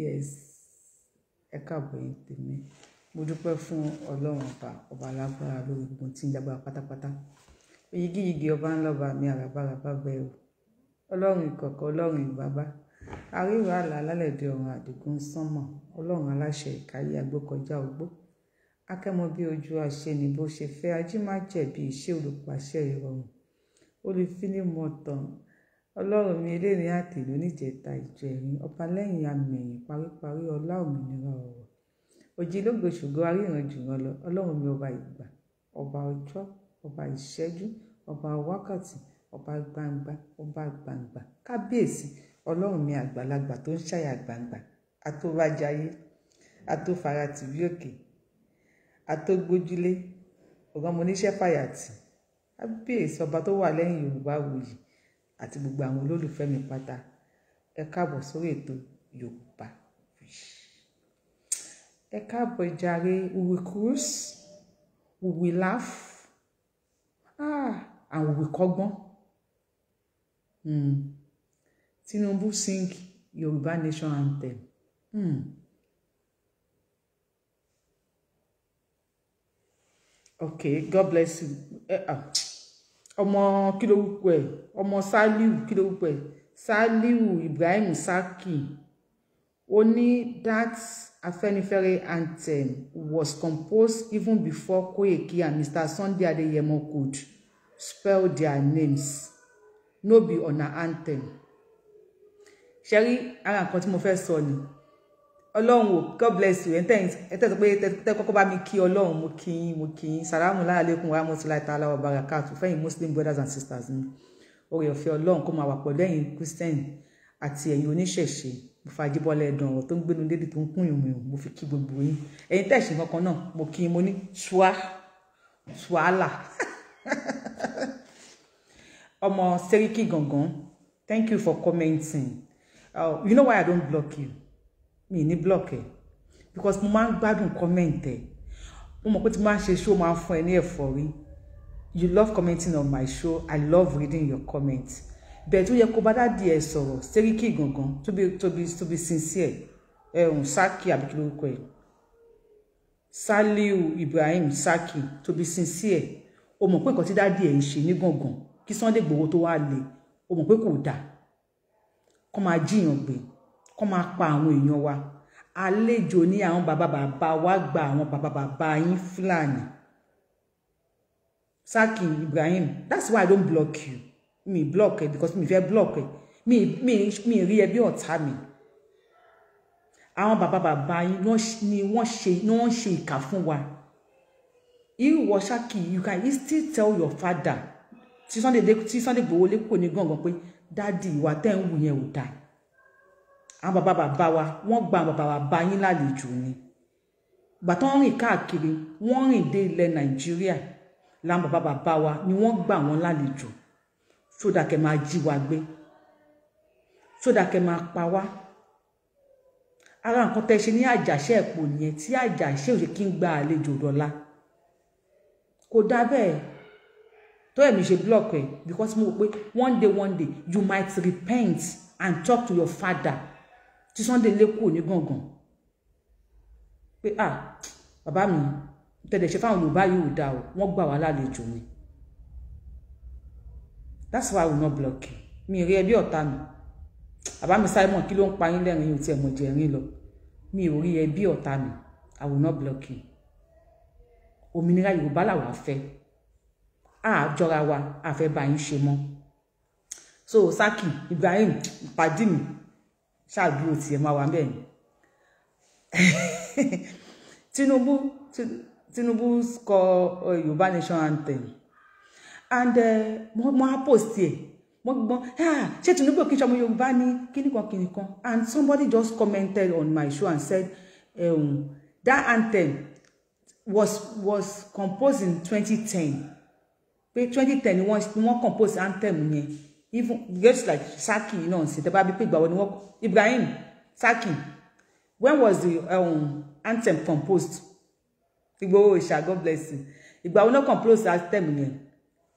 yes ẹ káàbọ̀ yín tèmi mo dúpẹ́ fún ọlọ́run ọba ọba alágbára lórí gbogbo tí ń lágbára pátápátá oyigiyigi ọba ńlá ọba mi àràbàràbà bẹ́ẹ̀ o ọlọ́run ìkọ̀kọ̀ ọlọ́run ìbàbá àríwá àlà alálẹ̀dẹ ọ̀run àdìgún sánmọ̀ ọlọ́run aláṣẹ ìkáyé agbókọjá ogbó akẹ́mọ ojú àṣẹ ni bó ṣe fẹ́ ajímájẹ̀bi iṣẹ́ olùpàṣẹ ìrọ̀rùn olùfínimọ̀tàn ọlọ́run mi eléèrè àtẹ̀lé oníjẹta ìjọ ẹ̀rín ọba lẹ́yìn amẹ̀yìn paríparí ọlá òmìnira ọ̀rọ̀ òjìlógo ṣògo aríran jùrán lọ ọlọ́run mi ọba ìgbà ọba ọjọ́ ọba ìṣẹ́jú ọba wákàtí ọba gbangba ọba gbangba kábíyèsí ọlọ́run mi àgbàlagbà tó ń ṣàyà gbangba àtòwájayé àtòfaratì bí òkè àtògbójúlé ọ̀gá mo níṣẹ́ fàyàtì kábíyèsí ọba tó wà lẹ́yìn yorùbá wuyì àti gbogbo àwọn olólùfẹ́ mi pátá ẹ káàbọ̀ sórí ètò Yorùbá ẹ káàbọ̀ ìjàre we will cruise we will laugh ah and we will kọ́gbọ́n Hmm. Tinubu sing Yorùbá nation anthem. Hmm. Okay, God bless you. Uh, uh ọmọ kí ló wúkọ ọmọ Saliu kí ló Saliu Ibrahim Saki ó ní that Afẹ́nifẹ́re anthem was composed even before Koyeki and Mr. Sunday Adeyemo could spell their names no be una anthem ṣe rí ara nǹkan tí mo fẹ́ sọ ni. So ọlọ́run o god bless you ẹ̀ńtẹ́ ẹ̀ńtẹ́ sọ pé tẹ́ kọ́kọ́ bá mi kí ọlọ́run mo kí yín mo kí yín sàrámù láàlẹ́kùn wa mọ́tòlá ìtàlá wa barakatu fẹ́yìn muslim brothers and sisters mi oore ọ̀fẹ́ ọlọ́run kó máa wà pẹ̀lú ẹ̀yin christian àti ẹ̀yin oníṣẹ̀ṣe mo fàájibọ́lẹ̀ ẹ̀dùn ọ̀rọ̀ tó ń gbénu dédì tó ń kún ìrùn ìrùn mo fi kí gbogbo yín ẹ̀yin tẹ̀sí kankan náà mo kí yín mo ní ṣùá ṣùálà ọmọ sẹ́ríkì gangan thank you for commenting uh, you know why i don't block you mi ní block ẹ because mo máa ń gbádùn comment ẹ mo mọ̀ pé tí mo máa ń ṣe show máa ń fún ẹ ní ẹ̀fọ́rí you love commenting on my show i love reading your comments bẹ́ẹ̀ tó yẹ kó bá dáàdi ẹ sọ̀rọ̀ sẹ́ríkì gangan to be to be to be sincere ẹ̀hún sákì àbí lórúkọ ẹ̀ saliu ibrahim Saki to be sincere o mọ̀ pé nǹkan tí dáàdi ẹ̀ ń ṣe ní gangan kí Sunday Igboho tó wá lè o mọ̀ pé kò dáa kó máa jíyàn gbé kọ́ máa pa àwọn èèyàn wa àlejò ní àwọn bàbá bàbá wa gba àwọn bàbá bàbá yín fúlàní Saki Ibrahim that's why I don't block you mi block ẹ because mi fẹ́ block ẹ mi mi mi rí ẹ bí ọ̀tá mi àwọn bàbá bàbá yín ni wọ́n ṣe ni wọ́n ṣe ìkà fún wa ìwọ Saki you can still tell your father tí Sunday tí Sunday gbowó lẹ́kọ̀ọ́ ní gbọ̀ngàn pé dáàdi ìwà tẹ́ ń wù yẹn ò dáa àwọn bàbá bàbá wa wọ́n gba àwọn bàbá bàbá yín lálejò ni gbà tó ń rìn káàkiri wọ́n rìn dé ilẹ̀ nàìjíríà láwọn bàbá bàbá wa ni wọ́n gbà wọ́n lálejò sódà kẹ́ máa jí wa gbé sódà kẹ́ máa pa wá ara nǹkan tẹ́ ṣe ní àjàṣe ẹ̀pọ̀ nìyẹn tí àjàṣe òṣè kí ń gba àlejò dọ́là kò dá bẹ́ẹ̀ tó ẹ̀mí ṣe block ẹ̀ because mo rò pé one day one day you might repent and talk to your father tí Sunday lé kúrò ní gàngàn pé ah bàbá mi tẹ̀lẹ̀ ṣe fáwọn Yorùbá yìí ò dáa o wọ́n gbà wá lálejò ni that's why I will not block you mi rí ẹbí ọ̀tá mi bàbá mi Simon kí ló ń pa yín lẹ́rìn yìí tí ẹ̀ mọ̀ jẹ́ rìn lọ mi ò rí ẹbí ọ̀tá mi I will not block you òmìnira Yorùbá làwa fẹ́ àjọra wa àfẹ́ bá yín ṣe mọ́ so Saki Ibrahim pàdí mi ṣáàdúró tiẹ̀ máa wà bẹ́ẹ̀ Tinubu Tinubu score uh, Yorùbá nation anthem and wọ́n eh, á post ẹ̀ wọ́n gbọ́n ah, ṣé Tinubu kí sọmọ Yorùbá ní kíníkan kíníkan and somebody just commented on my show and said um, that anthem was was composed in twenty 2010 pé ten. ni wọ́n compose anthem yẹn even just like Saki you know ṣe tẹ́ bá bí pé ìgbà wo ni wọ́n Ibrahim Saki when was the um, anthem composed Igboho Oòṣà God bless you ìgbà wo ni wọ́n compose anthem yẹn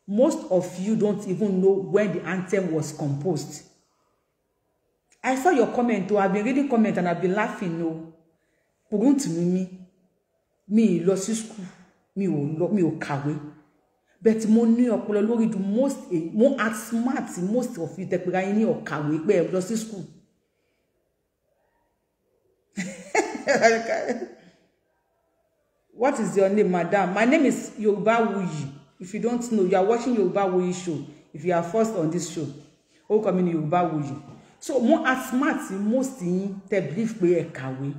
most of you don't even know when the anthem was composed I saw your comment o I been reading comment and I been laughing o kùrùntù mi mi mi lọ sí school mi ò lọ mi ò kàwé bẹ́ẹ̀ tí mo ní ọpọlọ lórí ju most eh, mo act smart most of you tẹpẹ́ra yín ní ọ̀kàwé pé ẹ lọ sí school. What is your name, madam? My name is Yorubawuyi. If you don't know, you are watching Yorubawuyi show. If you are first on this show, orúkọ mi ni Yorubawuyi. So mo at smart most yín tẹ believe pé ẹ kàwé.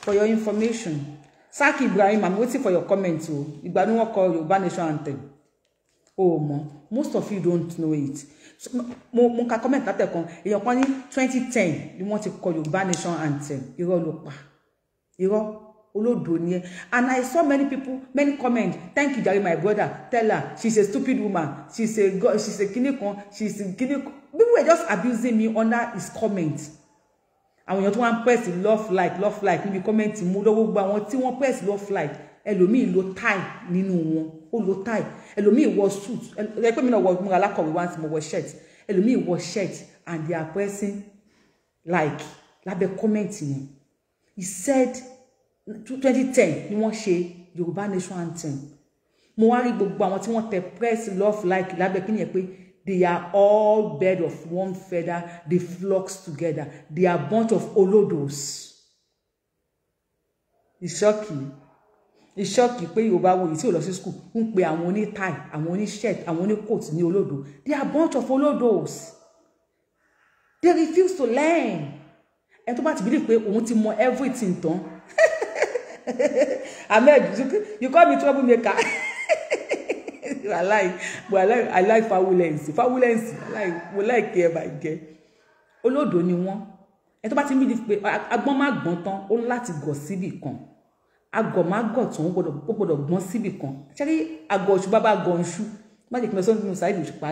For your information. Saki Ibrahim I'm waiting for your comment o oh. ìgbà ni wọ́n kọ Yorùbá nation anthem Oh mọ most of you don't know it mo mo ka comment látẹ̀kan èèyàn kan ní twenty ten ni wọ́n ti kọ Yorùbá nation anthem irọ́ ló pa irọ́ olódo ni ẹ and I saw many people many comments. thank you Jerry, my brother tell her she's a stupid woman she's a she's a kini she's a kini people were just abusing me under his comments àwọn èèyàn tó wọ́n press love like love like níbi kọ́mẹ́ǹtì mú lọ́wọ́ gbogbo àwọn tí wọ́n press love like ẹlòmíì lo tie nínú wọn ó lo tie ẹlòmíì wọ suit ẹgbẹ́ mi náà wọ múra alákọ̀wé once mo wọ shirt ẹlòmíì wọ shirt and they are pressing like lábẹ́ kọ́mẹ́ǹtì yẹn he said twenty ten ni wọ́n ṣe Yorùbá nation anthem mo wá rí gbogbo àwọn tí wọ́n tẹ press love like lábẹ́ kí ni yẹn pé They are all bed of one feather. They flocks together. They are bunch of olodos. It's shocking. It's shocking. wo èyí tí ò lọ sí school ń pe àwọn oní tie a oní shirt a oní coat Ni olódo. They are bunch of olodos. They refuse to learn. Ẹni tó bá believe pé òun ti mọ everything tán. Ahmed, you call me troublemaker. I like but I like I like fawulensi fawulensi I like mo like ẹ bàjẹ́ olódò ni wọ́n ẹ tó ba ti ń bí di pé agbọ́n má gbọ́n tán ó ní láti gọ̀ síbì kan agọ̀ má gọ̀ tán ó gbọ́dọ̀ gbọ́n síbì kan ṣáàrí agọ̀ ọ̀ṣù bábá gọ̀ ọ̀ṣù má jẹ́ kí n lọ sọ́dún nínú Saheed Òṣùpá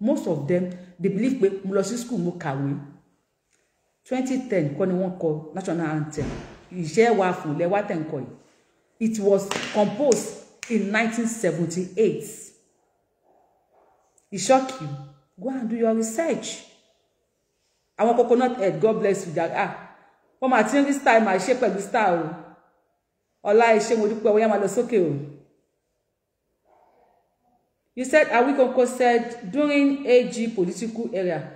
most of them they believe pé mo lọ sí school mo kawe. twenty ten kọ́ ni wọ́n kọ national anthem ìṣe wa fún lẹ́wà tẹ̀ ń kọ it was composed in 1978. It shock you. Go and do your research. Àwọn coconut head God bless you Jack. ah for máa ti ń rí style máa ṣe pẹ̀lú style o. Ọlá iṣẹ́ mo dúpẹ́ wọ́n yá máa lọ o. You said Awikonko said during AG political area.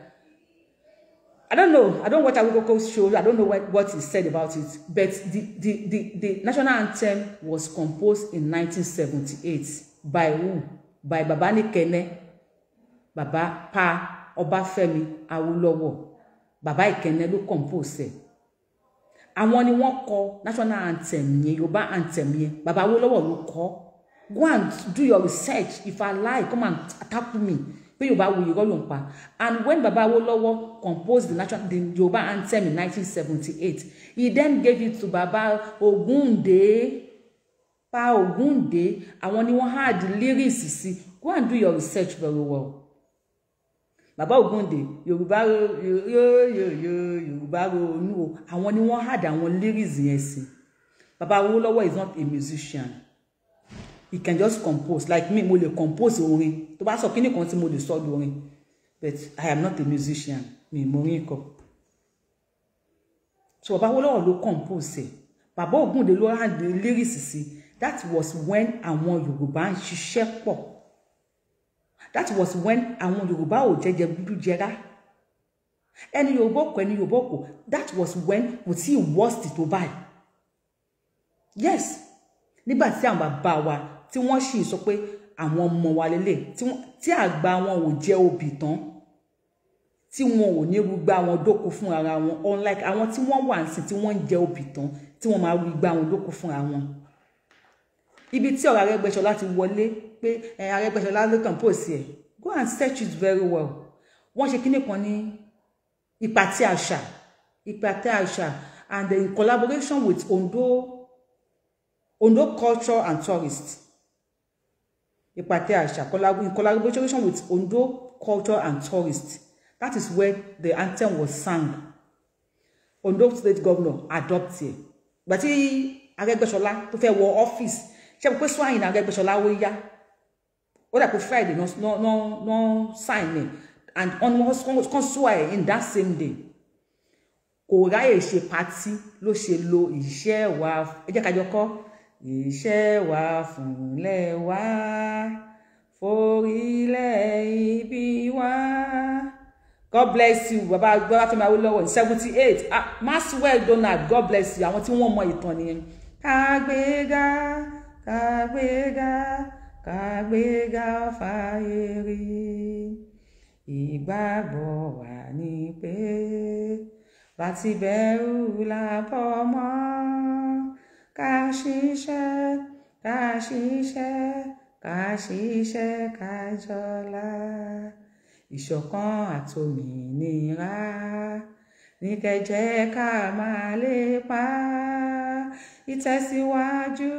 I don't know. I don't watch Awikonko's show. I don't know what, what he said about it. But the, the, the, the national anthem was composed in 1978 by who? By Babani Nikene, Baba Pa Obafemi Awolowo. Baba Ikene ló compose ẹ̀. Àwọn ni wọ́n kọ national anthem yẹn, Yorùbá anthem yẹn. Baba Awolowo ló kọ. Go and do your research. If I lie, come and attack me pé yorùbá wo irọ́ ló ń pa and when baba awolowo composed the natural the yorùbá anthem in 1978 he then gave it to baba ogunde pa ogunde àwọn ni wọ́n add lyrics sí go and do your research very well bàbá ògúndè yorùbá yorùbá ronú o àwọn ni wọ́n add àwọn lyrics yẹn sí baba awolowo is not a musician you can just compose like me mo lè compose orin To bá sọ kíní kan tí mo lè sọ lórin but i am not a musician mi mo rin kọ so bàbá Awólọ́wọ̀ ló compose ẹ̀ bàbá Ògúndé ló hàn dé lyrics sí that was when àwọn Yorùbá ń ṣiṣẹ́ pọ̀ that was when àwọn Yorùbá ò jẹjẹ dúdú jẹrá ẹni Yorùbá kọ ẹni Yorùbá kọ that was when kò tí ì worst tó báyìí yes nígbà tí àwọn bàbá wa tí wọ́n sì sọ pé àwọn ọmọ wa lélẹ̀ tí àgbà wọn ò jẹ́ obì tán tí wọn ò ní rúgbà wọn dóko fún ara wọn unlike àwọn tí wọ́n wà nísìn tí wọ́n ń jẹ obì tán tí wọ́n máa rúgbà wọn dóko fún ara wọn. ibi tí ọ̀rọ̀ Arẹ́gbẹ́ṣọlá ti wọlé pé Arẹ́gbẹ́ṣọlá ló kàn pòsì ẹ̀ go and search it very well wọ́n ṣe kíní kan ní ìpàtẹ àṣà ìpàtẹ àṣà and in collaboration with Ondo Ondo culture and tourists Ipate Asha, in collaboration with Ondo Culture and Tourists. That is where the anthem was sung. Ondo State Governor adopted. But he, Aregbesola, to fair war office. She was swine Aregbesola way ya. I could Friday, no, no, no, no sign me. And on was consuai in that same day. Kò guy, she party ló she lo iṣẹ́ wa ẹ jẹ́ ká jọ kọ́ iṣẹ́ wa fúnlẹ̀ wa forílẹ̀ ibi wa. God bless you bàbá Gbọ́láfẹ́mi Awólọ́wọ̀ ní seventy eight ah Maxwell Donald God bless you àwọn tí wọ́n mọ ìtàn nìyẹn. kàgbéga kàgbéga kàgbéga fàyèrè ìgbàgbọ́ wa ni pé láti bẹ̀rù làbọ̀ mọ́. काशीश काशीश kaṣíṣe kájọlá ìṣọ̀kan àtòmìnira ní kẹjẹ ká máa lépa ìtẹ̀síwájú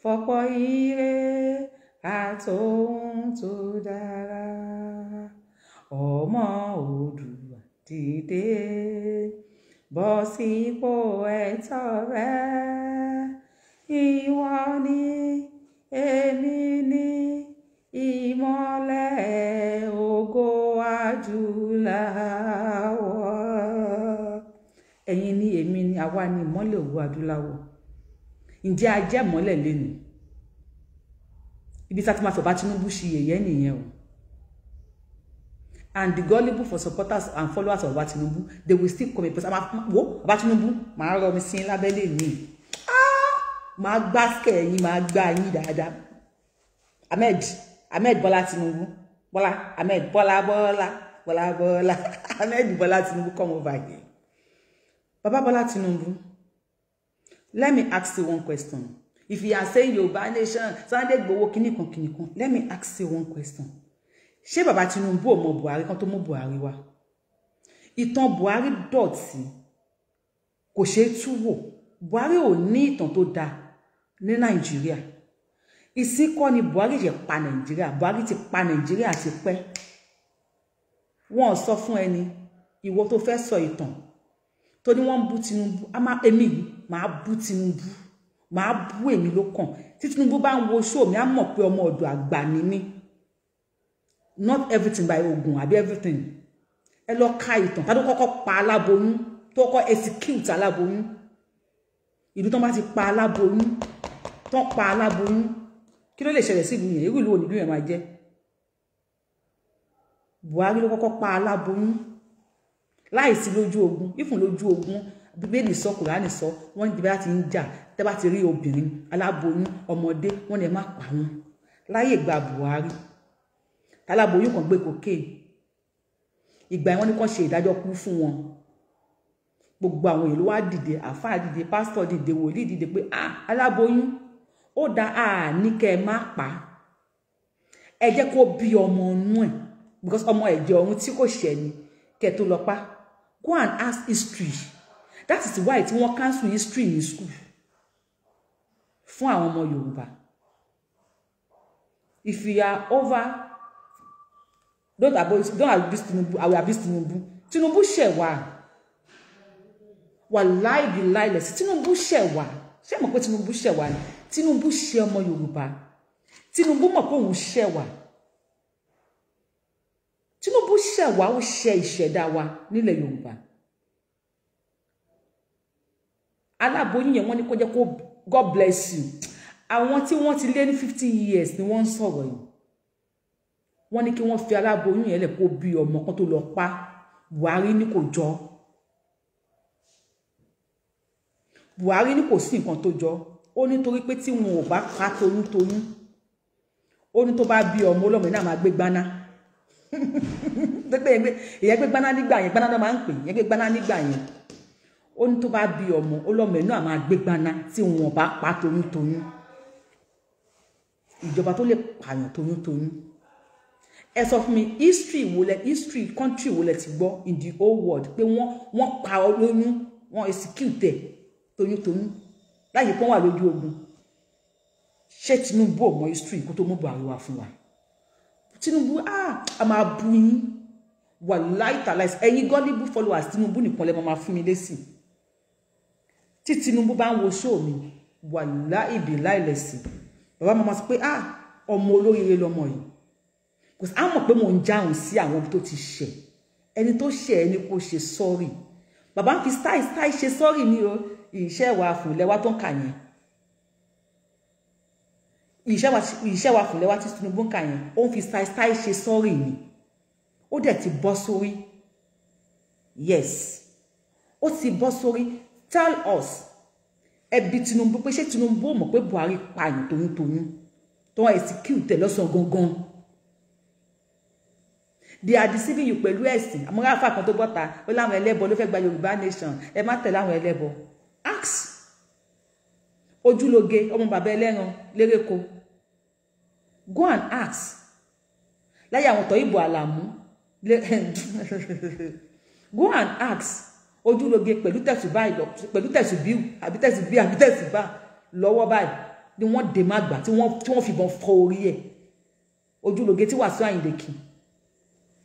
fọ̀pọ̀ ire àtòhun tó dára ọmọ Oòduà dìde bọ́ sípò ẹ̀tọ́ rẹ̀ ìwọ ni èmi ni ìmọ́lẹ̀ ògo adúláwọ̀ ẹ̀yin ni èmi ni àwa ni ìmọ́lẹ̀ ògo adúláwọ̀ ǹjẹ́ ibi tá a ti máa fẹ́ bá Tinubu ṣe o and the gullible for supporters and followers of Baba Tinubu they will still come in person wo Baba Tinubu màá rọ mi sí lábẹ́lẹ̀ mi máa gbá skẹ̀ yín máa gbá yín dáadáa ahmed ahmed bọ́lá tinubu bọ́lá ahmed bọ́lá bọ́lá bọ́lá bọ́lá ahmed bọ́lá tinubu come over here baba bọ́lá tinubu let me ask you one question if you are saying yorùbá nation sunday gbowó kìnnìkan kìnnìkan let me ask you one question ṣé baba tinubu ò mọ buhari kan tó mú buhari wá ìtàn buhari dọ̀tí kò ṣeé tú wò buhari ò ní ìtàn tó dáa ní nàìjíríà ìsìnkọ́ ni buhari yẹ pa nàìjíríà buhari ti pa nàìjíríà ti pẹ́ wọ́n sọ fún ẹni ìwọ tó fẹ́ sọ ìtàn tó ní wọ́n ń bú tinubu a máa èmi yìí máa bú tinubu máa bú èmi ló kàn tí tinubu bá ń wo ṣó mi á mọ̀ pé ọmọ ọ̀dọ̀ àgbà ni mí not everything by ogun àbí everything ẹ lọ ka ìtàn tá ló kọ́kọ́ pa aláboyún tó kọ́kọ́ execute aláboyún ìlú tó bá ti pa aláboyún kán pa aláboyún kí ló lè ṣẹlẹ̀ sí ìlú yẹn irú ìlú òní ìlú yẹn máa jẹ́ Buhari ló kọ́kọ́ pa aláboyún láìsí lójú ogun ìfún lójú ogun bíbélì sọ kùránì sọ wọ́n ti bá ti ń jà tẹ́ bá ti rí obìnrin aláboyún ọmọdé wọ́n lè má pa wọn láyé ìgbà Buhari aláboyún kan gbé kokéè ìgbà yẹn wọ́n ní kàn ṣe ìdájọ́ kú fún wọn gbogbo àwọn èèyàn ló wá dìde àáfàá dìde pásítọ̀ dìde wòlíì dìde pé ah aláboyún ó da a ní kẹ́ ẹ má pa ẹ jẹ́ kó bí ọmọ inú ẹ̀ because ọmọ ẹ̀jẹ̀ ọ̀hún tí kò ṣẹ̀ ni kẹ́ tó lọ pa go and ask history that is why tí wọ́n cancel history in school fún àwọn ọmọ Yorùbá if you are over don't abuse don't abuse Tinubu i will abuse Tinubu Tinubu ṣẹ̀ wá wà lie, bí láì lẹ̀ Tinubu ṣẹ̀ wá ṣé mọ̀ pé Tinubu ṣẹ̀ wá ni. Tinubu ṣe ọmọ Yorùbá Tinubu mọ̀ pé òun ṣẹ̀ wá Tinubu ṣẹ̀ wá ó ṣe ìṣẹ̀dá wa nílẹ̀ Yorùbá aláboyún yẹn wọ́n ní kó jẹ́ kó God bless you àwọn tí wọ́n ti lé ní fifty years ni wọ́n ń sọ̀rọ̀ yìí wọ́n ní kí wọ́n fi aláboyún yẹn lẹ̀ kó bí ọmọ kan tó lọ pa Buhari ní kò jọ Buhari ní kò sí nǹkan tó jọ ó nítorí pé tí wọn ò bá pa toyúntoyún ó ní tó bá bí ọmọ ọlọ́mọ náà máa gbé gbaná pé ìyẹn gbé gbaná nígbà yẹn gbaná náà máa ń pè ìyẹn gbé gbaná nígbà yẹn ó ní tó bá bí ọmọ ọlọ́mọ náà máa gbé gbaná tí wọn ò bá pa toyúntoyún ìjọba tó lè pààyàn toyúntoyún ẹ sọ fún mi history wo lẹ history country wo lẹ ti gbọ́ in the whole world pé wọ́n wọ́n pa olóyún wọ́n execute toyúntoyún láyé pọ́n wà lójú ogun ṣé Tinubu ò mọ history kó tó mú Buhari wá fún wa Tinubu ah a máa bu yín wà láìtàláì ẹ̀yin gọ́líbù followers Tinubu nìkan lẹ́mọ̀ máa fún mi lésì tí Tinubu bá ń wo ṣóò mi wà láìbì láìlẹ̀sìn bàbá máa sọ pé ah ọmọ olóríire lọmọ yìí kò sí àwọn mọ̀ pé mò ń jáhùn sí àwọn tó ti ṣẹ̀ ẹni tó ṣẹ̀ ẹni kò ṣe sọ́ọ̀rì bàbá ń fi style style ṣe sọ́ọ̀rì ni o ìṣẹ́ wa fùlẹ́wà tó ń kà yẹn ìṣẹ́ wa fùlẹ́wà tí Tinubu ń kà yẹn ó ń fi ṣáìṣáì ṣe sọ́ọ̀rì ni ó dẹ̀ ti bọ́ sórí yes ó ti bọ́ sórí tell us ẹbí Tinubu pé ṣé Tinubu ò mọ̀ pé Buhari pààyàn toyúntoyún tó wọn execute ẹ̀ lọ́sàn-án gangan they are deceiving you pẹ̀lú ẹ̀sìn àmọ́ ráfà kan tó gbọ́ta ó láwọn ẹlẹ́bọ ló fẹ́ gba Yorùbá nation ẹ má tẹ̀lé àwọn ẹlẹ́bọ ask ojúloge ọmọ bàbá ẹlẹ́ran lérèkó go and ask láyé àwọn tọ́ ìbò àlàmú go and ask ojúloge pẹ̀lú tẹ̀sùbá pẹ̀lú tẹ̀sùbíù àbí tẹ̀sùbíù àbí tẹ̀sùbá lọ́wọ́ báyìí ni wọ́n dè má gbà tí wọ́n fìbọn fọ orí ẹ̀ ojúloge tí Wasiu Àyìndé kì í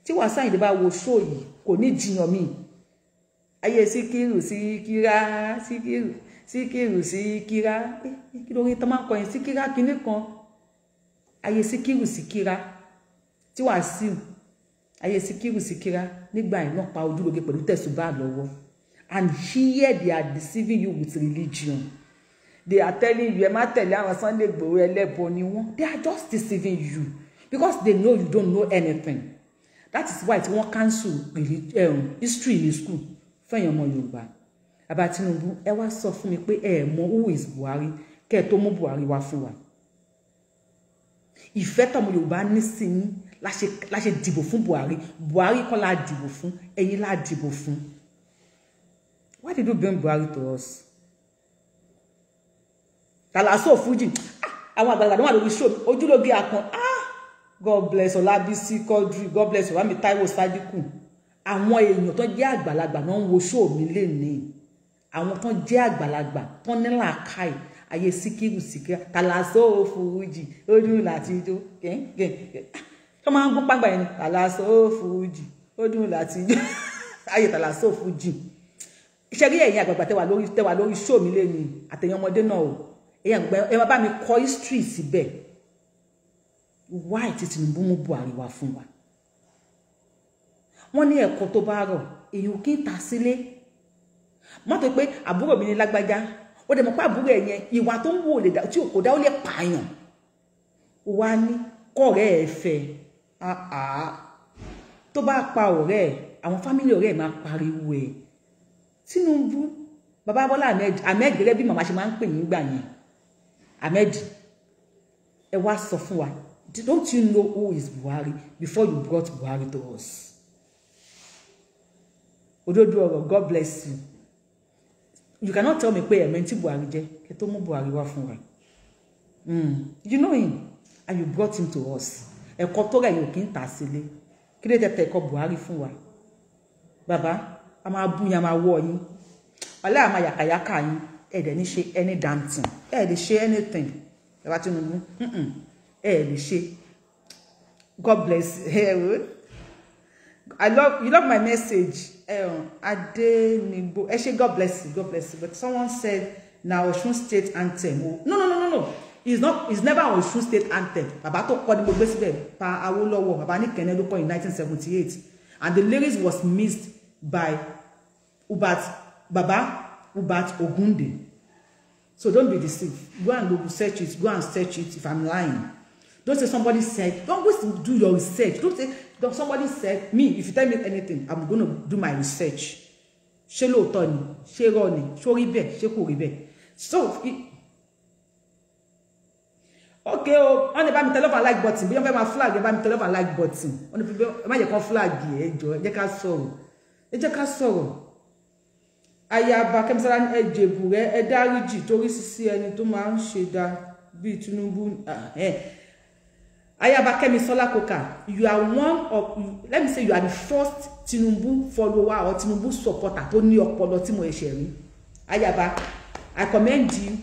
tí Wasiu Àyìndé bá wo ṣó yìí kò ní jiyàn míì ayé síkírù síkírá síkírù síkírù síkírá kí lórí tán máa ń kọyìn síkírá kinní kan ayé síkírù síkírá tí wàá síù ayé síkírù síkírá nígbà iná pa ojúlóge pẹ̀lú tẹ̀sùbá lọ́wọ́ and here they are deceiving you with religion they are telling you ẹ má tẹ̀lé àwọn Sunday Igboho ẹlẹ́bọ ni wọ́n they are just deceiving you because they know you don't know anything that is why tí wọ́n cancel um, history in school fẹ̀yàn ọmọ yorùbá bàbá tinubu ẹ wá sọ fún mi pé ẹ mọ who is buhari kẹ ẹ tó mú buhari wá fún wa ìfẹ́ tọmọ yorùbá ní sí yín la ṣe dìbò fún buhari buhari kọ́ la dìbò fún ẹ̀yin la dìbò fún why did you bring buhari to us tàlàsó fújì ah, àwọn àgbàlagbà wà lórí show ojúlóge àkàn ah god bless ọlábísí quadri god bless ọlámi táíwò sádíkù àwọn èèyàn tó jẹ́ àgbàlagbà náà ń wo ṣóò mi lè ní àwọn tó jẹ́ àgbàlagbà tó ní làákàyè ayé síkírù síkírù tàlàsó fújì ojú láti jó gẹ́gẹ́ ah, tó máa ń gún pàgbà yẹn tàlàsó fújì ojú láti jó ayé tàlàsó fújì iṣẹ́ rí ẹ̀yin àgbàgbà tẹ́wà lórí tẹ́wà lórí ṣóò mi lè ní àtẹ̀yìn ọmọdé náà o ẹ̀yin àgbà ẹ bá mi kọ history síbẹ̀ why tí Tinubu mú Buhari wá fún wa wọ́n ní ẹ̀kọ́ tó bá rọ̀ èyàn kì í ta sílé mọ́tò pé àbúrò mi ní lágbájá ó dẹ̀ mọ̀ pé àbúrò ẹ̀ yẹn ìwà tó ń wò lè dá tí ò kò dá ó lè pààyàn wá ní kọ̀ọ̀rẹ́ ẹ̀ fẹ́ tó bá pa ọ̀rẹ́ ẹ̀ àwọn fámílì ọ̀rẹ́ ẹ̀ máa pariwo ẹ̀ Tinubu bàbá Ahmed gẹ́gẹ́ bí màmá ṣe máa ń pè nígbà yẹn Ahmed ẹ wá sọ fún wa don't you know who is Buhari before you brought Buhari to us òdodo ọ̀rọ̀ god bless you you cannot tell me pé ẹ̀mẹ́ tí buhari jẹ́ kẹ́ tó mú buhari wá fún wa hmm. you know him and you brought him to us ẹ̀kọ́ tó rẹ̀ yóò kí n tà sílé kí ló tẹ̀tẹ̀ ẹ̀kọ́ buhari fún wa bàbá a máa bú yín a máa wọ̀ yín ọlẹ́ àmà yàkàyàkà yín ẹ̀ dẹ̀ ní ṣe any damn thing ẹ̀ lè ṣe anything ẹ̀ wá Tinubu ẹ̀ lè ṣe God bless you. I love you love my message. Um, Adenigbo. Actually, God bless you. God bless you. But someone said now Oshun State anthem. no, no, no, no, no. It's not. It's never Oshun State anthem. Baba, tó kọ ní gbogbo síbẹ̀ pa Awólọ́wọ̀. Bàbá ní Kẹ̀nẹ́ ló kọ in 1978. And the lyrics was missed by Ubat Baba Ubat Ogunde. So don't be deceived. Go and go search it. Go and search it if I'm lying. Don't say somebody said. Don't go do your research. Don't say somebody said me if you tell me anything i'm gonna do my research She lo ni she rọ ni ṣó rí bẹ́ẹ̀ ṣé kò rí so okay oh, on the bá mi tẹ love and like button bí wọn fẹ́ máa flag ẹ bá mi tẹ love and like button on the bí ẹ má jẹ́ flag here. jọ ẹ jẹ́ ká sọ̀rọ̀ ẹ jẹ́ Aya ba kem kẹmísàlá ní ẹjẹbù rẹ ẹ dáríjì torí sísí ẹni tó máa ń ṣe dáa bíi Tinubu ẹ ah, eh. Ayaba Kemisola Koka, you are one of, let me say, you are the first Tinubu follower or Tinubu supporter tó New York. tí mo ṣe rí. Ayaba, I commend you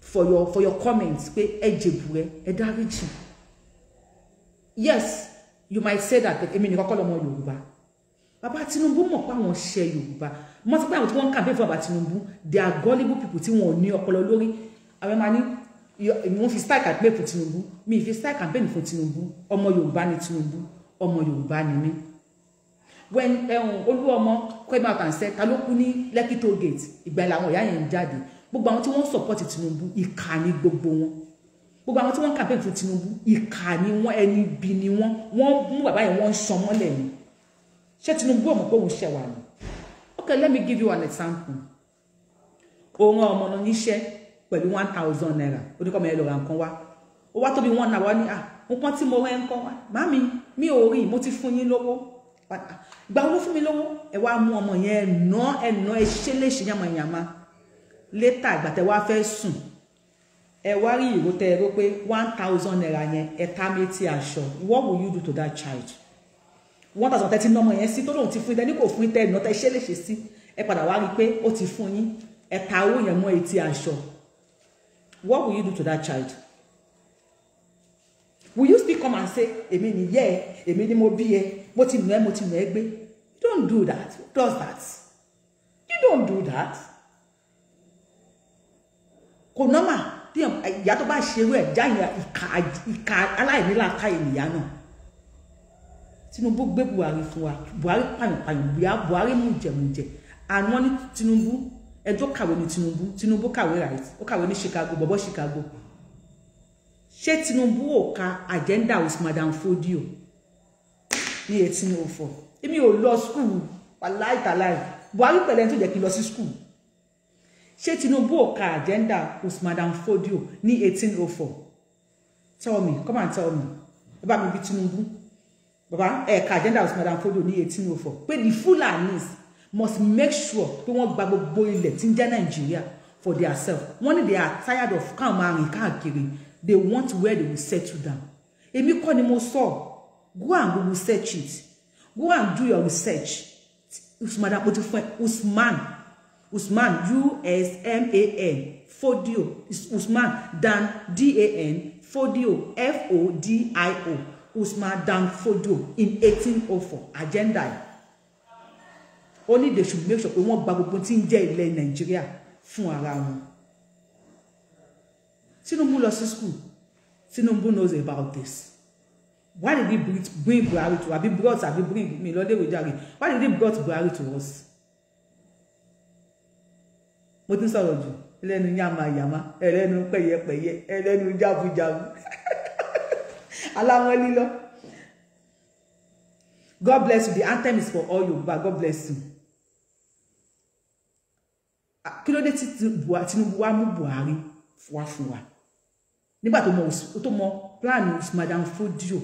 for your for your comments pé ẹ jèbù ẹ ẹ Yes, you might say that but èmi nìkan kọ́ lọ́mọ Yorùbá. Bàbá Tinubu mọ̀ pé àwọn ṣe Yorùbá. Mo ti pé àwọn tí wọ́n ń for fún Tinubu, they are gullible people tí wọn ò ní ọpọlọ lórí. Àwọn máa ní mo fi style campaign fún Tinubu mi fi style campaign fún Tinubu ọmọ Yorùbá ni Tinubu ọmọ Yorùbá ni mí when um, Olúọmọ came out and said ta ló kú ní Lekki toll gate ìgbà làwọn ìyá yẹn ń jáde gbogbo àwọn tí wọ́n ń support Tinubu ìkà ni gbogbo wọn gbogbo àwọn tí wọ́n ń campaign fún Tinubu ìkà ni wọ́n ẹni bí ni wọ́n wọ́n mú bàbá yẹn wọ́n ń san mọ́lẹ̀ ni ṣé Tinubu ò pé òun ṣẹ̀wà ni okay let me give you an example òun ọmọ náà níṣẹ́ pẹ̀lú one thousand naira oníkọ́mọ yẹn lọ ra nǹkan wá ó wá tóbi one naira wá ní ah nǹkan tí mo rẹ́ ń kọ́ wá màmí mi ò rí mo ti fún yín lówó gba owó fún mi lówó ẹ wá mú ọmọ yẹn ẹ̀nà ẹ̀nà ẹṣẹ́ léṣe yàmàyàmà létà àgbàtẹ́ wá fẹ́ sùn ẹ wá rí ìró tẹ ẹ ró pé one thousand naira yẹn ẹ ta mi ti aṣọ what will you do to that child one thousand thirty nọmọ yẹn sí tó lóun ti fún yín tẹ ní kò fún yín tẹ ẹ̀nà tẹ ẹṣẹ́ léṣe sí ẹ padà wá rí i pé ó ti fún yín ẹ ta owó yẹn mọ́ etí aṣọ what will you do to that child? Will you still come and say, èmi ni yẹ ẹ, ni mo bí ẹ, mo ti nù ẹ, mo ti You don't do that. Who does that? You don't do that. Kò nọ́mà tí ìyá tó bá ṣerú ẹ̀ já ìka aláìníláka ènìyàn náà. Tinubu gbé Buhari fún wa, Buhari pàyànpàyàn, Buhari mú muje jẹ̀, àná ní Tinubu ẹni tó kàwé ní Tinubu Tinubu kàwé right ó kàwé ní Chicago bọ̀bọ̀ Chicago ṣé Tinubu ò ka agenda with Madam Fodio ní eighteen oh four èmi ò lọ school aláìtàláì Buhari pẹ̀lẹ́ tó jẹ́ kí n lọ sí school ṣé Tinubu ò ka agenda with Madam Fodio ní eighteen oh four tell me come and tell me ẹ mi bí Tinubu baba ẹ eh, agenda with Madam Fodio ní eighteen oh four pé the Fulanis must make sure pé wọ́n gba gbogbo ilẹ̀ tí ń jẹ́ nàìjíríà for their self wọ́n ní they are tired of káwọn máa rìn káàkiri they want where they will settle down èmi kọ́ ni mo sọ go and google search it go and do your research usman apoti fún ẹ usman usman usman fodio usman dan dan fodio f o d i o usman dan fodio in 1804 agenda yìí ó ní they should make sure pé wọ́n gba gbogbo tí ń jẹ́ ilẹ̀ nàìjíríà fún ara wọn tinubu lọ sí school tinubu knows about this why did he bring buhari to abi brought abi bring mi lọ léwu jàre why did he brought buhari to us mo ti sọ̀rọ̀ jù ẹlẹ́nu yamayama ẹlẹ́nu pẹ̀yẹpẹ̀yẹ ẹlẹ́nu jábujábu aláwọn lílọ God bless you the anthem is for all Yorùbá God bless you kí ló dé tí Tinubu wa mú Buhari wá fún wa nígbà tó mọ tó mọ plan madam Fodio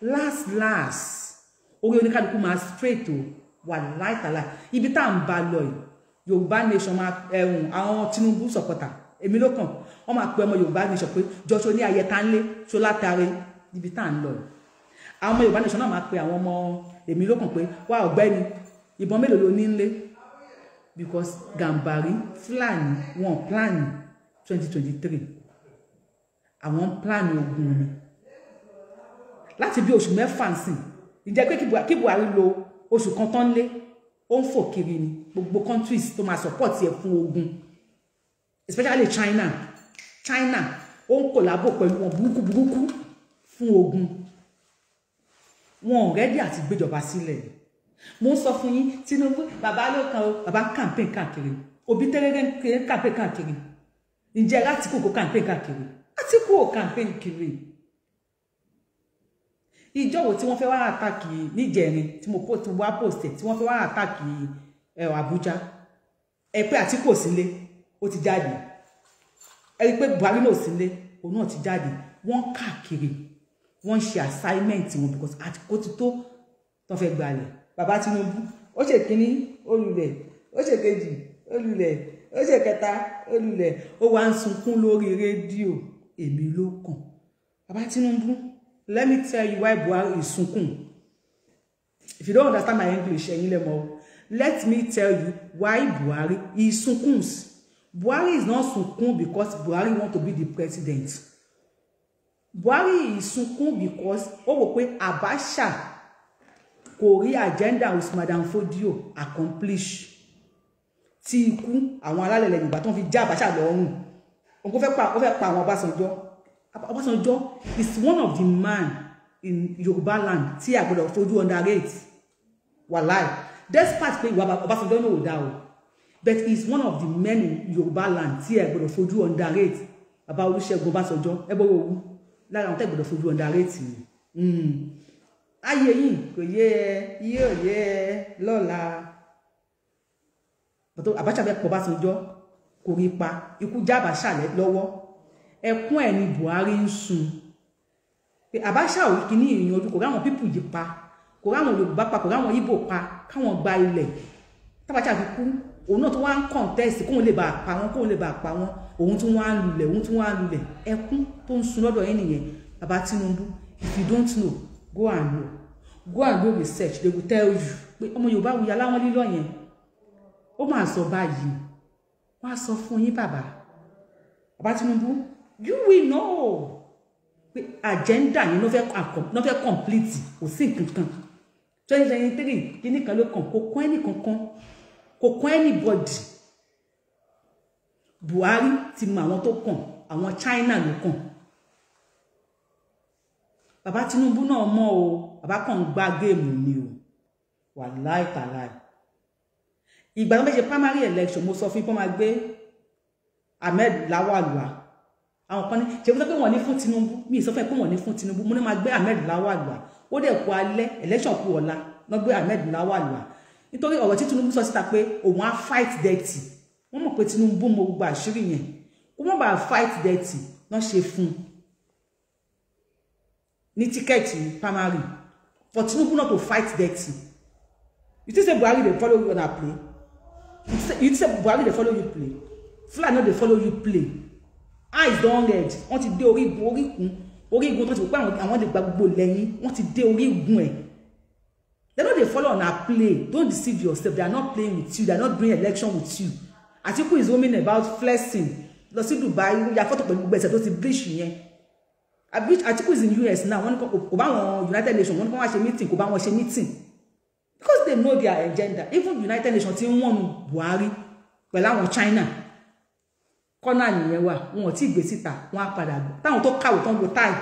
last last orí oníkálukú máa straight o wà láìtàlà ibi tá à ń ba lọ yìí Yorùbá nation máa ẹ̀hún àwọn Tinubu sọ̀kọ̀tà èmi ló kàn wọ́n máa pe ọmọ Yorùbá nation pé jọṣọ ní ayẹta ńlé ṣọlá tare ibi tá à ń lọ yìí àwọn ọmọ Yorùbá nation náà máa pe àwọn ọmọ èmi ló kàn pé wá ọ̀gbẹ́ni ìbọn mélòó ló ní ńlé because Gàmbàrí Fúlàní wọn plan twenty twenty three àwọn plan ogun ni láti bí oṣù mẹ́fà sìn ìjẹ́ pé kí Buhari lo oṣù kan tán lé ó ń fò kiri ni gbogbo countries tó máa support ẹ̀ fún ogun especially China China ó ń kòlábò pẹ̀lú wọn burúkú burúkú fún ogun wọn ò rẹ́dí àti gbéjọba sílẹ̀ yìí mo ń sọ fún yín Tinubu bàbá ló kan o bàbá campaign káàkiri òbí tẹ́lẹ̀rẹ́ campaign káàkiri ǹjẹ́ látìkù kò campaign káàkiri látìkù ò campaign kiri ìjọ wo tí wọ́n fẹ́ wá àtàkì níjẹrin tí mo post wá post tí wọ́n fẹ́ wá àtàkì Àbújá ẹ pé Àtíkù sílé ó ti jáde ẹ rí i pé Buhari náà sílé òun náà ti jáde wọ́n káàkiri wọ́n ń ṣe assignment wọn because àtìkò ti tó tó fẹ́ gbalẹ̀ bàbá Tinubu ó ṣe kínní olùlẹ̀ ó ṣe kejì olùlẹ̀ ó ṣe kẹta olùlẹ̀ ó wá ń sunkún lórí rédíò èmi ló kàn bàbá Tinubu let me tell you why Buhari is sunkún if you don't understand my English ẹ̀yin lẹ mọ̀ o let me tell you why Buhari is sunkún Buhari is not sunkún because Buhari want to be the president Buhari is sunkún because ó wò pé Abacha kò rí agenda with madam Fodio accomplish tí ikú àwọn alálẹ̀lẹ̀ Yorùbá tó ń fi já Abacha lọ́rùn òun kò fẹ́ pa ó fẹ́ pa àwọn Ọbásanjọ́ Ọbásanjọ́ is one of the man in Yorùbá land tí àgbọ̀dọ̀ fojú underrate wàláì despite pé ìwà Ọbásanjọ́ náà ò dá o but he is one of the men in Yorùbá land tí àgbọ̀dọ̀ fojú underrate bàbá Olúṣẹ́gun Ọbásanjọ́ ẹgbẹ́ owó lára àwọn tẹ́gbọ̀dọ̀ fojú underrate ni. Hmm ayé yìí kò yé ẹ iye ò yé ẹ lọ́la bàtò Abacha fẹ́ pọ̀ Ọbásanjọ́ kò rí pa ikú já Abacha lọ́wọ́ ẹkún ẹ̀ ni Buhari ń sun pé Abacha ò kí ní ìyànjú kò ráwọn pípù yìí pa kò ráwọn Yorùbá pa kò ráwọn Ìgbò pa káwọn gba ilẹ̀ tábàchà fi kú òun náà tó wá ń kọ̀ǹtẹ́sì kóun lè bàa pa wọn kóun lè bàa pa wọn òun tún wá ń lulẹ̀ òun tún wá ń lulẹ̀ ẹkún tó ń sun lọ́dọ̀ yín nìyẹn bàbá Tinubu if you don't know go and know go and do research they will tell you pé ọmọ yorùbá wuya láwọn lílọ yẹn ó máa sọ báyìí wọn á sọ fún yín bàbá bàbá tinubu you will know pé agenda yẹn ló fẹ́ complete kò sí nǹkan kan twenty twenty three kíní kan ló kàn kò kún ẹnì kankan kò kún anybody buhari ti mọ àwọn tó kàn àwọn china ló kàn bàbá Tinubu náà mọ̀ o bàbá kàn ń gbá géèmù ni o wà láì tàláì ìgbà tó fẹ́ ṣe primary election mo sọ fún yín pé wọ́n máa gbé Ahmed Lawalu àwọn kan ní ṣe fún pé wọ́n ní fún Tinubu mi sọ fún ẹ pé wọ́n ní fún Tinubu mo ní máa gbé Ahmed Lawalu ó dẹ̀ kú alẹ́ election kú ọ̀la lọ́ gbé Ahmed Lawalu nítorí ọ̀rọ̀ tí Tinubu sọ síta pé òun á fight dirty wọ́n mọ̀ pé Tinubu mọ gbogbo àṣírí yẹn kó mọ̀ bá fight dirty lọ́ ṣe fún un ní tíkẹ́ẹ̀tì primary for Tinubu not to fight dirty you think say Buhari dey follow you una play you think say Buhari dey follow you play Fulani no dey follow you play eyes don red wọ́n ti dé orígun orígun orígun tó ti pé àwọn lè gba gbogbo lẹ́yìn wọ́n ti dé orígun ẹ̀ they no dey follow una play don't deceive yourself they are not playing with you they are not doing election with you Atiku is roaming about flexing lọ sí Dubai ya fọ́tò pẹ̀lú gbogbo ẹsẹ̀ tó ti bleach yẹn which articles in US now wọ́n ní kò bá wọn United Nations wọ́n ní kò wá ṣe meeting kò bá wọn ṣe meeting because they know their agenda even United Nations ti ń wọ̀nù Buhari pẹ̀lú àwọn China kọ́nà nìyẹn wà wọn ò tí ì gbé síta wọn á padà gbọ́ táwọn tó kàwé tán lo táì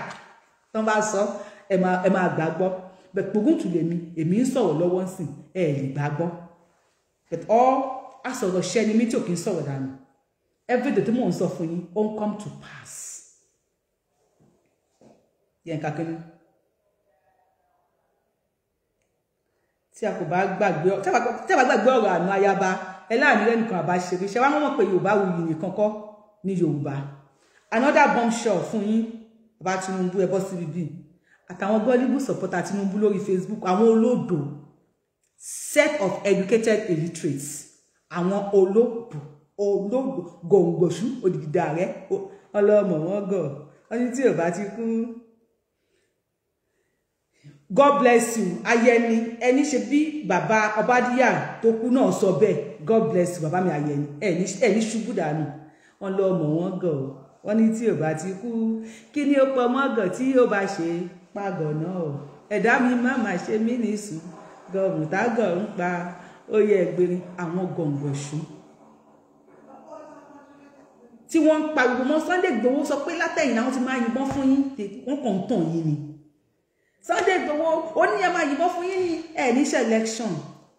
tán bá sọ ẹ máa gbàgbọ́ but Poguntu lèmi èmi ń sọ̀rọ̀ lọ́wọ́ ń sìn ẹ lè gbàgbọ́ but all asọ̀rọ̀ ṣẹ́ni mi tí ò kí ń sọ̀rọ̀ dànù everything tí mò ń sọ fún yín ó ń come to pass yẹn ká kínní tí a kò bá gbàgbé tí a bá gbàgbé ọ̀rọ̀ àná ayaba ẹláàní rẹ nìkan àbá ṣeré ṣe wá mọ̀ pé yorùbá wuyì nìkan kọ́ ní yorùbá another bombshell fún yín bàbá tinubu ẹ bọ́ síbi bíi àtàwọn gọ́líbù supporter tinubu lórí facebook àwọn olódò set of educated illiterates àwọn olódò olódò gòǹgòṣù òdìdà rẹ ọlọmọ wọn gọ ọdún tí yorùbá ti kú God bless you Ayẹni ẹni ṣe bí bàbá Ọbádíyà tó kú náà sọ bẹ́ẹ̀ God bless you bàbá mi ayeni. ẹni ẹni ṣubú dànù wọn lọ mọ wọn gàn ọ wọn ní tí ò ti kú kí ni ó pọ̀ mọ́gàn tí ó bá ṣe pàgọ náà o ẹ̀dá mi má má ṣe mí ní sùn gọmùtágọ ń pa oyè ẹgbẹrin àwọn gọǹgọṣù tí wọ́n ń pariwo mọ́ Sunday Igboho sọ pé látẹ̀yìn làwọn ti máa yìnbọn fún yín wọ́n kàn ń tàn yín ni. Sunday Igboho ó ní ẹ máa yìnbọn fún yín ní ẹ níṣẹ́ election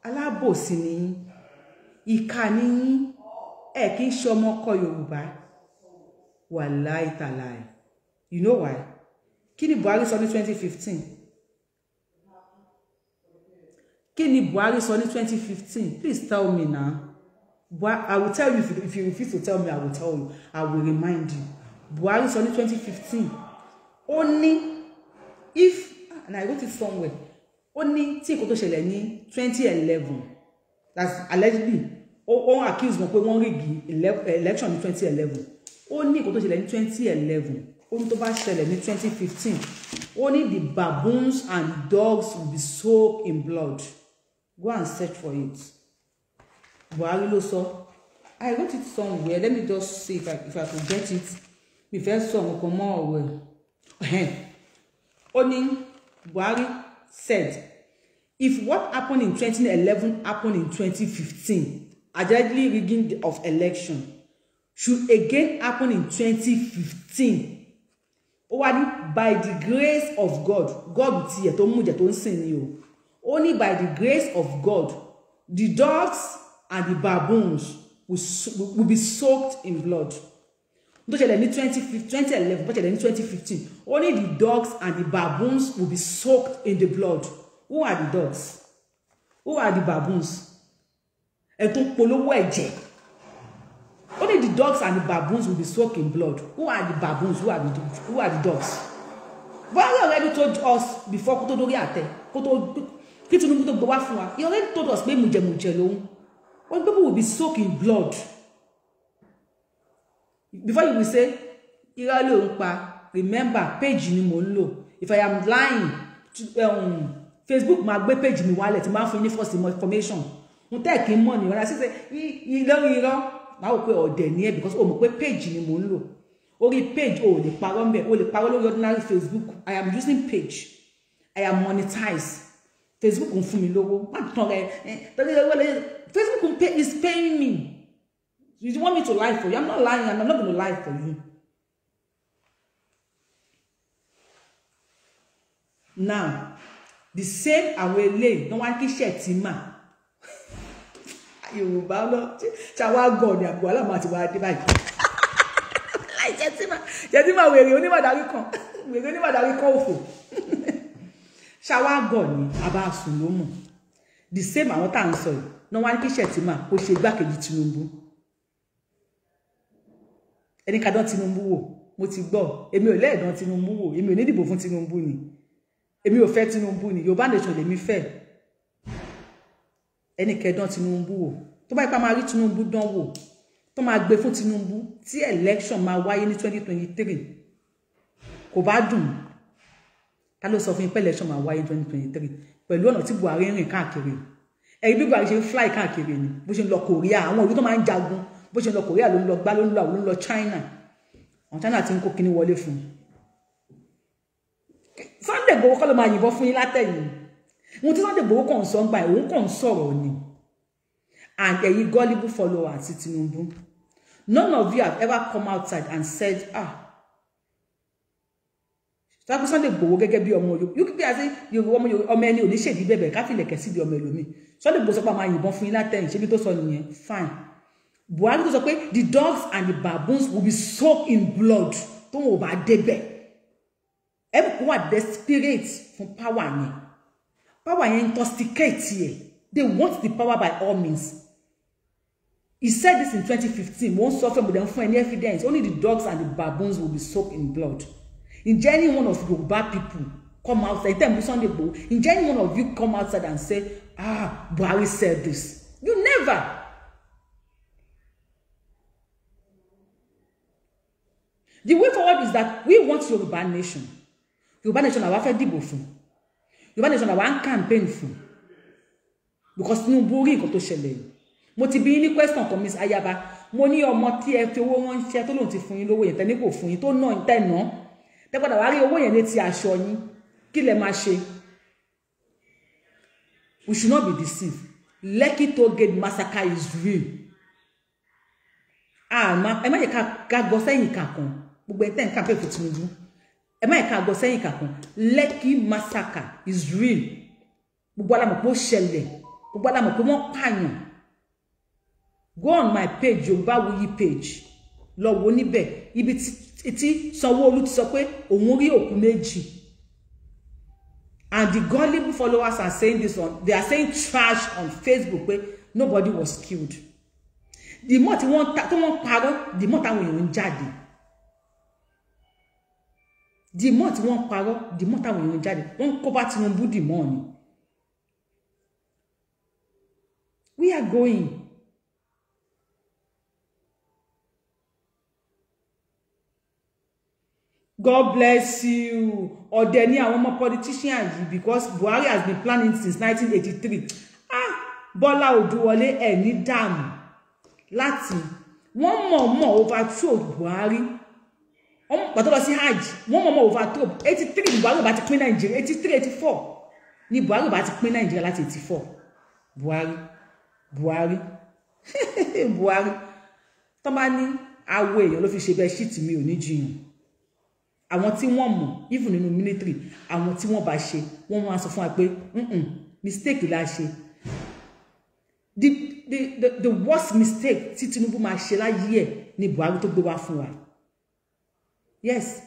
alábòsí ni yín ìkà ni yín ẹ kì í ṣe ọmọ ọkọ Yorùbá wàláì tàláì you know why kí ni Buhari sọ ní 2015 kí ni Buhari sọ ní 2015 please tell me now Buhari I will tell you if you, if you refuse to tell me I will tell you I will remind you Buhari sọ ní 2015 ó ní if and I wrote it somewhere ó ní tí nǹkan tó ṣẹlẹ̀ ní twenty eleven that's allegedly ó ó accuse wọn pé wọ́n rìgì election ní twenty eleven ó ní nǹkan tó ṣẹlẹ̀ ní twenty eleven ó ní tó bá ṣẹlẹ̀ ní twenty fifteen ó ní the baboons and dogs will be soaked in blood go and search for it Buhari ló sọ I wrote it somewhere let me just see if I if I could get it mi fẹ́ sọ nǹkan mọ́ ọ̀rọ̀ ẹ̀ ó ní. Buhari said, if what happened in 2011 happened in 2015, allegedly rigging of election, should again happen in 2015, ó by the grace of God God will see tó mú jẹ̀ tó ń by the grace of God the dogs and the baboons will, will be soaked in blood bó ṣẹlẹ̀ ní twenty twenty eleven bó ṣẹlẹ̀ ní twenty fifteen Only the dogs and the baboons will be soaked in the blood who are the dogs who are the baboons ẹ̀ tó polówó ẹ̀jẹ̀ ó the dogs and the baboons will be soaked in blood who are the baboons who are the, who are the dogs buhari already told us before kó tó dórí àtẹ kó tó kí tinubu tó gbọ́ wá fún wa he already told us pé mùjẹ̀mùjẹ̀ lòun ó ní people will be soaked in blood before you will say irọ́ ló ń pa remember page ni mo ń lò if i am lying to, um, facebook máa gbé page mi wálẹ̀ tí máa fún yín first information n tẹ́ kí n mọ̀ nìyọ́n láti ṣe irọ́ irọ́ máa wò pé ọ̀dẹ̀ ni ẹ̀ because o mọ̀ pé page ni mo ń lò orí page o ò lè parọ́ mbẹ̀ o lè parọ́ lórí ordinary facebook i am using page i am monetized facebook ń fún mi lówó má tán rẹ torí facebook pay is paying me You want me to lie for you? I'm not lying. I'm not going to lie for you. Now, the same No one can You, eléyìí ni wọ́n kí ṣẹ̀tìmà. Yorùbá lọ ṣàwọn àgọ̀ ni àgọ̀ aláàmọ́ àti wàá dé báyìí. Ṣẹ̀tìmà ṣẹ̀tìmà wèrè onímọ̀dárí kan wèrè onímọ̀dárí kan òfò. Ṣàwọn àgọ̀ for? Shower God, about mọ̀. The same àwọn tá à ń sọ yìí ni wọ́n kí ṣẹ̀tìmà kó ṣe igbákejì Tinubu ẹni ká dán Tinubu wò mo ti gbọ́ èmi ò lẹ́ẹ̀dán Tinubu wò èmi ò ní fún Tinubu ni èmi ò fẹ́ Tinubu ni Yorùbá nation lèmi fẹ́ ẹni kẹdán Tinubu wò tó bá ipá máa rí Tinubu dán wò tó máa gbé fún Tinubu tí election máa wáyé ní twenty twenty three kò bá dùn ta ló sọ fún yín pé election máa wáyé twenty twenty three pẹ̀lú ọ̀nà tí Buhari ń rìn káàkiri ẹ̀rí bí Buhari ṣe ń fly káàkiri ni bó ṣe ń lọ Korea àwọn òbí tó máa ń jagun bó ṣe lọ Korea ló ń lọ gbá ló ń lọ àwọn ló ń lọ China àwọn China ti ń kó kinní wọlé fún un Sunday Igboho kọ́ ló máa yìnbọn fún yín látẹ̀yìn ohun tí Sunday Igboho kàn sọ ń gba òun kàn sọ̀rọ̀ ni and ẹ̀yin gullible followers àti Tinubu none of you have ever come outside and said ah sábà Sunday Igboho gẹ́gẹ́ bí ọmọ yóò kíkẹ́ àti ọmọ ẹni oníṣèdí bẹ̀bẹ̀ káfílẹ̀ kẹ́sì bí ọmọ ẹlòmíì Sunday Igboho sọ pé àwọn àyìnbọn fún yín látẹ̀yìn ṣébi tó sọ nìyẹn fine buhari sọ pé the dogs and the baboons will be soaked in blood tóun ò bá débẹ̀ everyone wà desperate fún power yẹn power yẹn intoxicate yẹ they want the power by all means he said this in 2015 wọ́n sọ fún then fún ẹ evidence only the dogs and the baboons will be soaked in blood ǹjẹ́ any one of Yorùbá people come outside tell me Sunday Igboho ǹjẹ́ any one of you come outside and say ah Buhari said this you never the way forward is that we want Yorùbá nation Yorùbá nation làwa fẹ́ dìbò fún Yorùbá nation làwa ń campaign fún because Tinubu rí nǹkan tó ṣẹlẹ̀ yìí mo ti bi yín ní question kan miss Ayaba mo ní ọmọ tí ẹ fi owó ránṣẹ́ tó lòun ti fún yín lówó yẹn tẹni kò fún yín tó ná tẹ̀nà tẹ́gbọ́dà wá rí owó yẹn létí aṣọ yín kí lẹ máa ṣe we should not be deceived Lekki toll gate massacre is real àmọ́ ah, ẹ má yẹ ká gbọ́ sẹ́yìn kankan gbogbo ẹ̀ tẹ̀ ń kàmpẹ́ fún Tinubu ẹ má ẹ̀ka àgọ́ sẹ́yìn kàkan Lekki massacre is real gbogbo alamọ̀ pé ó ṣẹlẹ̀ gbogbo alamọ̀ pé wọ́n pààyàn go on my page Yorùbáwùyí page lọ wo níbẹ̀ ibi tí Sanwó-Olú ti sọ pé òun rí òkú méjì and the gullible followers are saying this on they are saying trash on Facebook pé nobody was killed the more tí wọ́n parọ́ the more táwọn èèyàn ń jáde dìmọ́ tí wọ́n parọ́ dìmọ́ táwọn èèyàn jáde wọ́n ń kó bá Tinubu dìmọ́ ni we are going God bless you ọ̀dẹ ni àwọn ọmọ politician yìí because Buhari has been planning since 1983 ah Bọ́lá Odúwọlé ẹ̀ ní dààmú láti wọ́n mọ̀ọ́mọ̀ overthrow Buhari wọ́n pàtó lọ sí hajj wọ́n mọ̀mọ́ overthrow eighty three ni buhari ò bá ti pín nàìjíríà eighty three eighty four ni buhari ò bá ti pín nàìjíríà láti eighty four buhari buhari buhari tó bá ní awo èèyàn ló fi ṣe bẹ́ẹ̀ ṣíìtì mi ò ní jiyàn àwọn tí wọ́n mọ̀ even nínú military àwọn tí wọ́n bá ṣe wọ́n máa sọ fún wa pé mistake la ṣe the the the worst mistake tí tinubu máa ṣe láyé ẹ̀ ni buhari tó gbé wá fún wa yes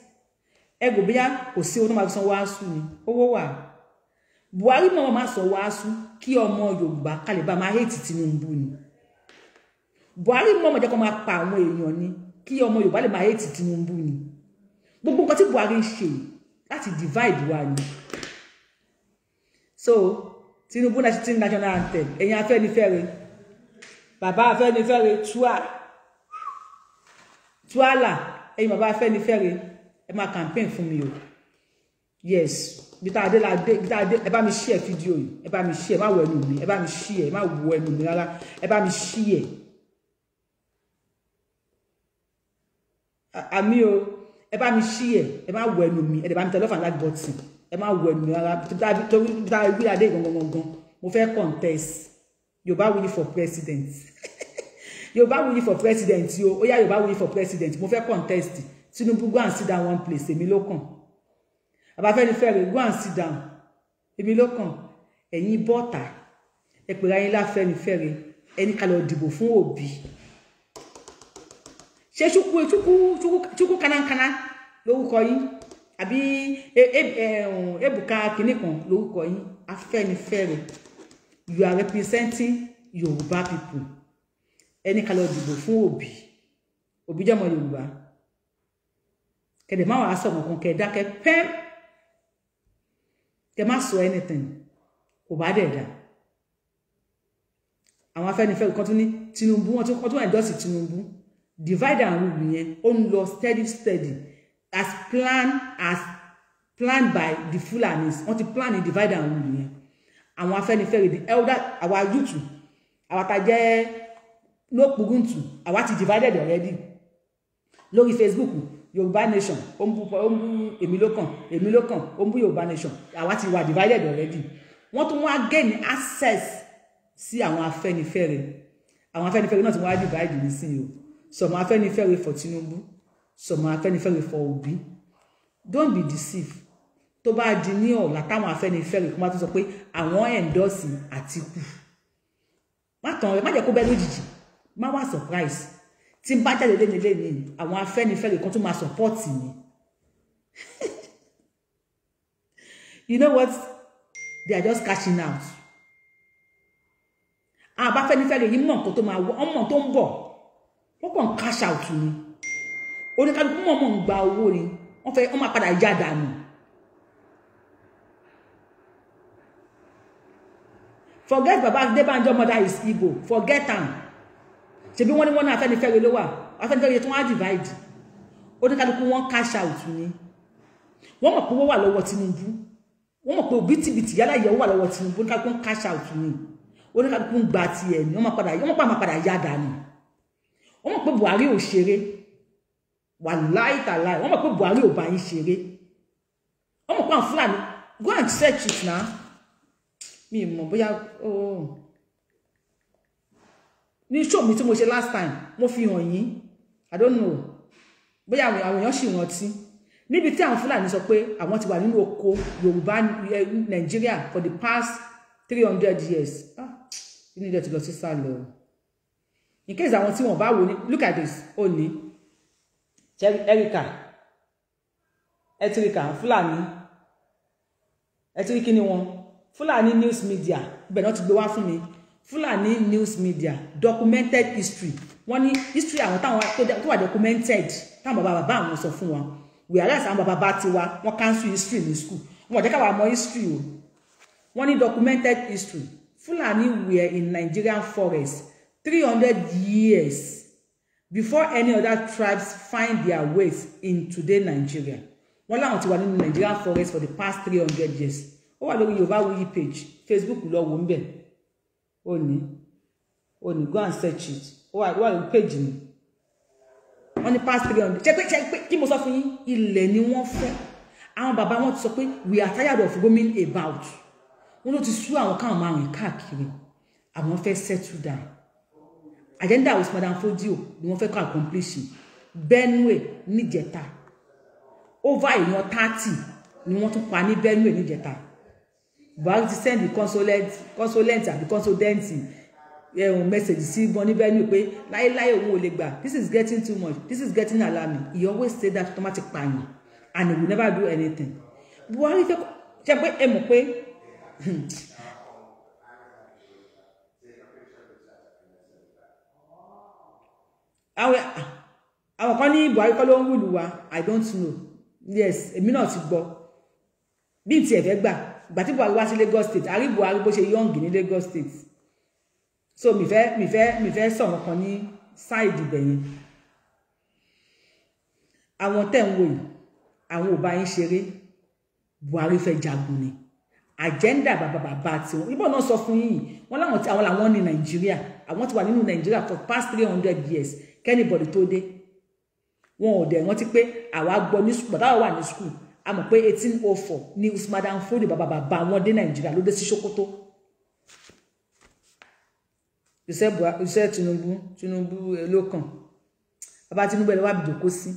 ẹgbò bóyá kò sí owó tó máa san wàásù ni owó wà Buhari náà máa sọ wàásù kí ọmọ Yorùbá kalẹ̀ bá máa hate Tinubu ni Buhari náà máa jẹ́ kó máa pa àwọn èèyàn ni kí ọmọ Yorùbá lè máa hate Tinubu ni gbogbo nǹkan tí Buhari ń ṣe láti divide wa ni so Tinubu náà ti ti national anthem ẹ̀yin Afẹ́nifẹ́re bàbá Afẹ́nifẹ́re tua tuala ẹ̀yin bàbá Afẹ́nifẹ́re ẹ máa campaign fún mi o yes bita adelade bita ade ẹ bá mi share fídíò yìí ẹ bá mi share má wọ ẹnu mi ẹ bá mi share má wọ ẹnu mi rárá ẹ bá mi share àmì o ẹ bá mi share ẹ má wọ ẹnu mi ẹ dẹ̀ bá mi tẹ love and like button ẹ má wọ ẹnu mi rárá bita ewúrẹ́ adé gangan gangan mo fẹ́ contest Yorùbá win for president. Yorùbáwùyí for president o ó yá Yorùbáwùyí for president mo fẹ́ contest Tinubu go and sit down one place èmi ló kàn Abáfẹ́ni Fẹ́rẹ̀ go and sit down èmi ló kàn ẹ̀yin bọ́ọ̀tà ẹ pèrè ayé láfẹ́ni Fẹ́rẹ̀ ẹni ká lọ dìbò fún Obi ṣé chukwu chukwu chukwu kánákáná lórúkọ yín àbí e, e, eh, ebuka kìnnì kan lórúkọ yín Afẹ́nifẹ́re you are representing Yorùbá people ẹni kalẹ̀ òdìbò fún òbí òbí jẹ́ ọmọ yorùbá kẹ̀dẹ̀ má wàá sọ̀rọ̀ kan kẹ̀ dákẹ́ pẹ́m kẹ̀ má sọ anything kò bá dẹ̀ dà àwọn afẹ́nifẹ́re kan tún ní tinubu wọn tún wọn endorse tinubu divide and rule yẹn ó ń lọ steady steady as planned as planned by the fulanis wọn ti plan the divide and rule yẹn àwọn afẹ́nifẹ́re the elder our youth àwọn tá jẹ́ no kpuguntu Awa ti divided already lórí Facebook Yorùbá Nation ó ń bú ó ń bú èmi ló kàn èmi ló kàn ó ń bú Yorùbá Nation àwa ti wà divided already wọ́n tún wá gain access sí àwọn Afẹ́nifẹ́re àwọn Afẹ́nifẹ́re náà ti wá divide nísìnyí o some Afẹ́nifẹ́re for Tinubu some Afẹ́nifẹ́re for Obi don't be deceived tó bá di ní ọ̀la táwọn afẹ́nifẹ́re kó má tó sọ pé àwọn ẹ̀ńdọ́sì àtìkù má tàn rẹ má jẹ́ kó bẹ́ẹ̀ lójijì má wá surprise tí n bá jáde lẹ́ni lẹ́ni àwọn afẹ́nifẹ́re kan tún máa support mi you know what they are just cashing out àbáfẹ́nifẹ́re yìí mọ̀ nǹkan tó máa wọ ọmọ tó ń bọ̀ wọ́n kàn cash out ni oníkálukú mọ̀ mọ̀ ń gba owó ni wọ́n fẹ́ wọ́n máa padà yá dànù. forget baba Adébánjọ mother is Igbo forget am ṣebí wọ́n ní wọ́n ní afẹ́nifẹ́re ló wà afẹ́nifẹ́re tó wọ́n á divide oníkálukú wọ́n cash out ni wọ́n mọ̀ pé owó wà lọ́wọ́ Tinubu wọ́n mọ̀ pé òbítíbitì yálà ìyẹ̀wò wà lọ́wọ́ Tinubu oníkálukú ń cash out ni oníkálukú ń gba tiẹ̀ ni wọ́n mọ̀ padà wọ́n mọ̀ pé àmọ́ padà yá dànù wọ́n mọ̀ pé Buhari ò ṣeré wà láì tàláì wọ́n mọ̀ pé Buhari ò bá yín ṣeré wọ́n mọ̀ pé àwọn Fúlàní go and search it na mi mọ̀ bóyá ooo. Oh ní show mi tí mo ṣe last time mo fi hàn yín i don't know bóyá àwọn èèyàn sì rántí níbi tí àwọn fúlàní sọ pé àwọn ti wà nínú oko yorùbá eh, Nigeria for the past three hundred years ah inú ilẹ̀ ti lọ sí sálọ in case àwọn tí wọn bá wò ní look at this ó ní erika ẹtìríkà fúlàní ẹtìríkì ni wọn fúlàní news media ibẹ̀ náà ti gbé wá fún mi Fulani News Media documented history wọ́n ní history àwọn táwọn tó wà documented táwọn bàbá bàbá àwọn sọ fún wa whereas àwọn bàbá bá tiwa wọ́n cancel history ní school wọ́n jẹ́ káwa mọ history o wọ́n ní documented history Fulani were in Nigerian forest three hundred years before any other tribes find their ways in today Nigeria wọ́n láwọn ti wà nínú Nigerian forest for the past three hundred years ó wà lórí Yorùbá Wuyi page Facebook lọ wò ń bẹ̀rẹ̀ òní òní go and search it ó wà lórí page mi wọ́n ní past three hundred ṣe pé ṣe pé kí mo sọ fún yín ilẹ̀ ni wọ́n fẹ́ àwọn bàbá wọn ti sọ pé we are tired of roaming about wọ́n ló ti sú àwọn káwọn máa rìn káàkiri àwọn fẹ́ settle down agenda with madam Fodio ni wọ́n fẹ́ kọ́ accomplishing Benue níjẹta over èèyàn thirty ni wọ́n tún pa ní Benue níjẹta buhari ti send the consulate consulate àbí consultant ẹ̀hún eh, message sí wọn níbẹ̀ ni pé láéláé òun ò lè gbà this is getting too much this is getting alarming he always say that tó má ti pààyàn and he will never do anything buhari jẹ́ pé ẹ mọ̀ pé hmm, àwọn àwọn kan ní buhari kọ́ ló ń wùlù wa i don't know yes èmi náà ti gbọ́ bí n tiẹ̀ fẹ́ gbà ìgbà tí buhari wá sí lagos state àrí buhari bó ṣe yọǹgì ní lagos state so mi fẹ́ mi fẹ́ mi fẹ́ sọ̀rọ̀ kan ní ṣáìdì bẹ̀yẹn àwọn tẹ̀ ń wò yìí àwọn ò bá yín ṣeré buhari fẹ́ jagun ni àjẹ́ndà bàbà bàbá tiwọn ìbọn náà sọ fún yìí wọn láwọn àwọn làwọn ní nàìjíríà àwọn ti wà nínú nàìjíríà for past three hundred years kẹ́nìbọ̀dì tó dé wọn ò dẹ̀ rántí pé àwa gbọ́ ní sùkúl bàbá wa wà ní sùkúl a mọ̀ pé eighteen oh four ni Usman Dan Fodio bàbá bàbá wọn dé Nàìjíríà ló dé sí Sokoto iṣẹ́ Tinubu Tinubu eh, ló kàn bàbá Tinubu wa lọ́wọ́ àbùdókó sí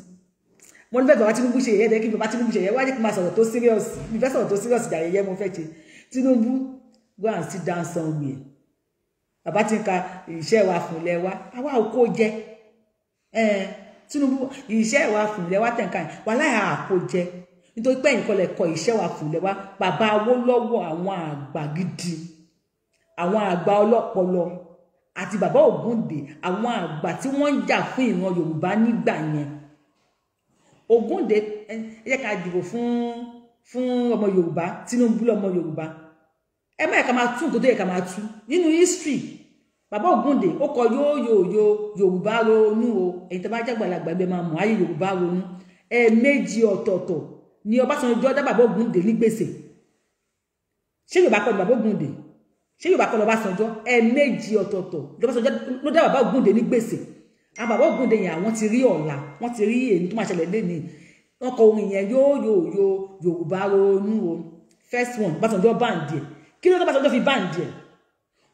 mo ní fẹ́ bàbá Tinubu ṣe yẹ̀yẹ́ dẹ́kí bàbá Tinubu ṣe yẹ̀yẹ́ wájú kí n máa sọ̀rọ̀ tó serious mi fẹ́ sọ̀rọ̀ tó serious jà yẹ̀yẹ́ mo fẹ́ ṣe Tinubu go and sit down somewhere bàbá ti ń ka iṣẹ́ wa fún ilẹ̀ wa àwa ò kó jẹ Tinubu iṣẹ́ wa fún ilẹ̀ wa tẹ̀ ń ka wàhálà àkójẹ nítorí pé ẹ̀yin kọlẹ̀ kọ iṣẹ́ wa fún lẹ́wà bàbá Awólọ́wọ̀ àwọn àgbà gidi àwọn àgbà ọlọ́pọlọ àti bàbá Ògúndè àwọn àgbà tí wọ́n ń jà fún ìran Yorùbá nígbà yẹn Ògúndè ẹ jẹ́ ká dìbò fún fún ọmọ Yorùbá Tinubu lọmọ Yorùbá ẹ má yẹ ká máa tú nǹkan yẹ ká máa tú nínú history bàbá Ògúndè ó kọ yóò yóò yóò Yorùbá ronú o èyí tó bá jágbàlagbà ẹgbẹ́ máa mọ̀ ayé Yorùbá ronú ẹ̀ẹ̀mejì ọ̀tọ̀ọ̀tọ̀ ni Ọbásanjọ́ dá bàbá Ògúndé ní gbèsè ṣé Yorùbá kọ́ ni bàbá Ògúndé ṣé Yorùbá kọ́ ni Ọbásanjọ́ ẹ̀ẹ̀mejì ọ̀tọ̀ọ̀tọ̀ lọ́básanjọ́ ló dá bàbá Ògúndé ní gbèsè àwọn bàbá Ògúndé yẹn àwọn ti rí ọ̀la wọ́n ti rí èyí tó máa ṣẹlẹ̀ lẹ́ni wọ́n kọ orin yẹn yo yóò yo Yorùbá ronú o first one Ọbásanjọ́ báǹdì ẹ̀ kí ló dé Ọbásanjọ́ fi báǹdì ẹ̀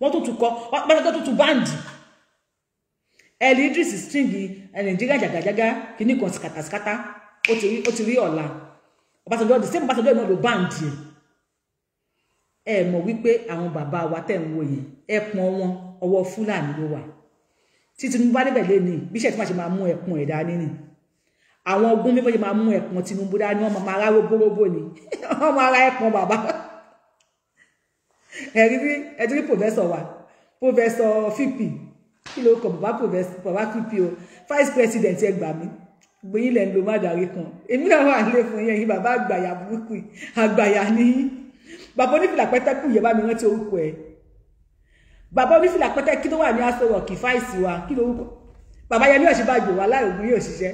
wọ́n tún tún kọ Ọbásanjọ́ tún tún báǹdì ẹ̀ẹ́dì Idris string Nàìjíríà jàgàjàgà kìnnìkan sìkàtàsìkàtà ó ti rí ọ̀la Ọbásanjọ́ the same Ọbásanjọ́ náà ló báǹdì ẹ ẹ mọ̀ wípé àwọn bàbá wa tẹ̀ ń wo yìí ẹ pọn wọn ọwọ́ Fúlàní ló wà tí Tinubu bá débẹ̀ lé ní bíṣẹ̀ tí wọ́n ṣe máa mú ẹ̀pọn ẹ̀ dání ni àwọn ogun bí wọ́n ṣe máa mú ẹ̀pọn Tinubu dání wọ́n máa ra roboróbó ni wọ́n máa ra ẹ̀pọn bàbá ẹ̀rí bí ẹ̀dí rí pòfẹ́sọ̀ wa pòfẹ́sọ̀ fípì kí ló kọ bàbá pòfẹ́sọ̀ bàbá fípì o vice president ẹ gbà mí gbogbo yín lẹ ń lo mádàrí kan èmi náà wà nílé fún yẹn yín bàbá àgbàyà burúkú àgbàyà ní bàbá onífìlà pẹ́tẹ́kù yẹn bá mi rántí orúkọ ẹ̀ bàbá onífìlà pẹ́tẹ́kù tó wà ní aṣọ rọ̀kì fáìsì wa kí lorúkọ bàbá yẹmí òsínbàjò wà láìrògùn yóò ṣiṣẹ́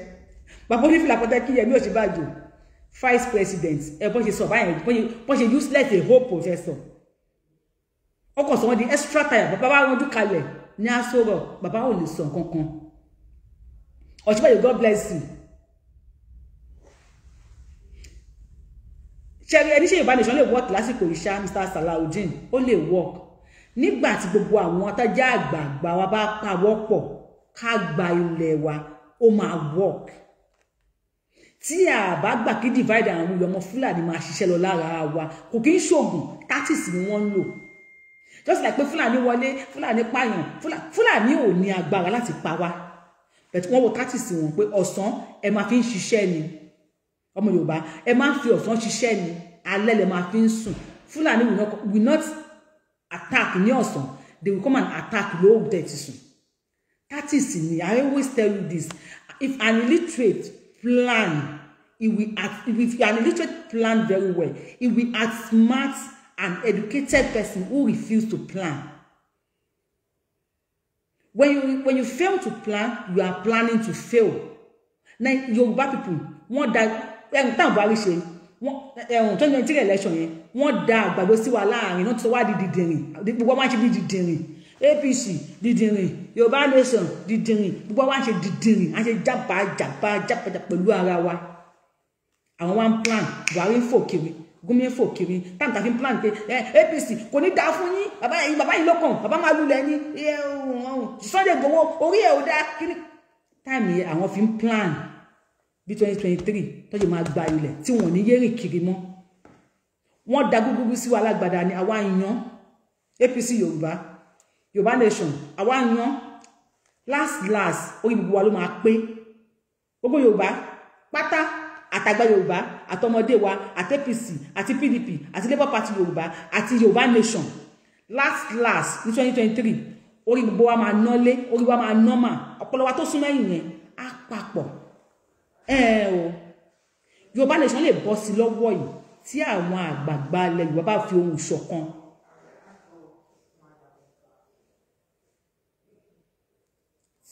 bàbá onífìlà pẹ́tẹ́kù yẹmí òsínbàjò vice president ẹ bọ́n ṣe sọ báyìí bọ́n ṣe useless a whole professor ọkọ̀ sọ wọn di extra tire bàbá wa wọn dúkalẹ̀ ní aṣọ rọ̀ bàbá ò lè sọ kankan Ọ̀ṣunbàjò God bless you. ṣẹ́rí ẹni ṣe Yorùbá nation lè work lásìkò ìṣá Mr Salaudeen ó lè work nígbà tí gbogbo àwọn atájá àgbààgbà wa bá pawọ́ pọ̀ ká gba ilẹ̀ wa ó máa work tí a bá gbà kí divide àwọn ọmọ Fúlàní máa ṣiṣẹ́ lọ lára wa kò kí ń ṣoògùn tactics ni wọ́n ń lò just like pé Fúlàní wọlé Fúlàní pààyàn Fúlàní ò ní agbára láti pa wá bẹ̀tí wọ́n wo tactics wọn pé ọ̀sán ẹ máa fi ń ṣiṣẹ́ ni ọmọ yorùbá ẹ máa ń fi ọ̀sán ṣiṣẹ́ ni alẹ́ lẹ máa fi ń sùn fúlàní will not, attack ní ọ̀sán they will come and attack lóòrùn tẹ̀tí sùn tactics ni i always tell you this if an illiterate plan it will act if an illiterate plan very well it will smart and educated person who refuse to plan when you when you fail to plan you are planning to fail na Yorùbá people wọ́n da ẹ̀hún tán Buhari ṣe wọ́n ẹ̀hún twenty twenty three election yẹn wọ́n da àgbàgbọ́ sí wa láàrin náà tó wá di dìdìrìn gbogbo wa ń ṣe bí dìdìrìn APC dìdìrìn Yorùbá nation dìdìrìn gbogbo wa ń ṣe dìdìrìn à ń ṣe jábàá jábàá jábàá pẹ̀lú ara wa àwọn wa ń plan Buhari ń fò kiri Gúnmi fò kiri táǹtà fi ń plan pé eh, APC kò ní dáa fún yín bàbá yìí bàbá yìí lọ́kàn bàbá máa lulẹ̀ ní Sunday Igboho orí ẹ̀ ò dáa kiri táìmì àwọn fi ń plan bí twenty twenty three tọ́jú máa gba ilẹ̀ tí wọ́n ní yẹ́rìn kiri mọ́ wọ́n da gúgúrú sí wa alágbádá ni àwa ń yan APC Yorùbá Yorùbá Nation àwa ń yan last last orí gbogbo wa ló máa pé gbogbo Yorùbá pátá àtàgbà Yorùbá àtọmọdé wa àti APC àti PDP àti Labour Party Yorùbá àti Yorùbá Nation last last ní twenty twenty three orí gbogbo wa máa nọ́lé orí wa máa nọ́mà ọpọlọ wa tó súnmọ́ ẹ̀yìn yẹn á papọ̀ ẹ o Yorùbá Nation lè bọ́ sí lọ́wọ́ yìí tí àwọn àgbààgbà ilẹ̀ Yorùbá bá fi ohùn ṣọ̀kan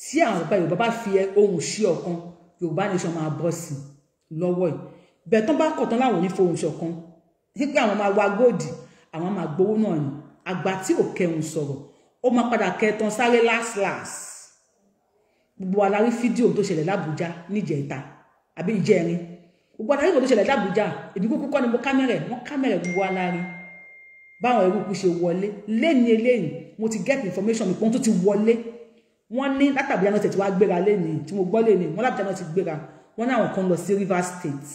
tí àwọn bàbá Yorùbá bá fi ohùn sí ọ̀kan Yorùbá Nation máa bọ́ sí lọ́wọ́ yìí bẹ́ẹ̀ tán bá kọ̀ tán láwọn ò ní fohùn ṣọ̀kan wípé àwọn máa wá góòdì àwọn máa gbowó náà ni àgbà tí ò kẹun sọ̀rọ̀ ó máa padà kẹtàn sáré last last gbogbo wa la rí fídíò tó ṣẹlẹ̀ lábújá níjẹta àbí ìjẹrin gbogbo adarí kan tó ṣẹlẹ̀ lábújá èmi kúkú kọ́ ni mo kámẹ́rẹ̀ wọ́n kámẹ́rẹ̀ gbogbo alárin báwọn eruku ṣe wọlé lẹ́ni eléyìí mo ti get information mi pé wọ́n tó ti wọlé wọ́n ní látàbí àná tẹ̀ tí wọ́n á gbéra lẹ́ni tí mo gbọ́ lẹ́ni wọ́n lábújá náà gbéra wọ́n ní àwọn kan lọ sí Rivers State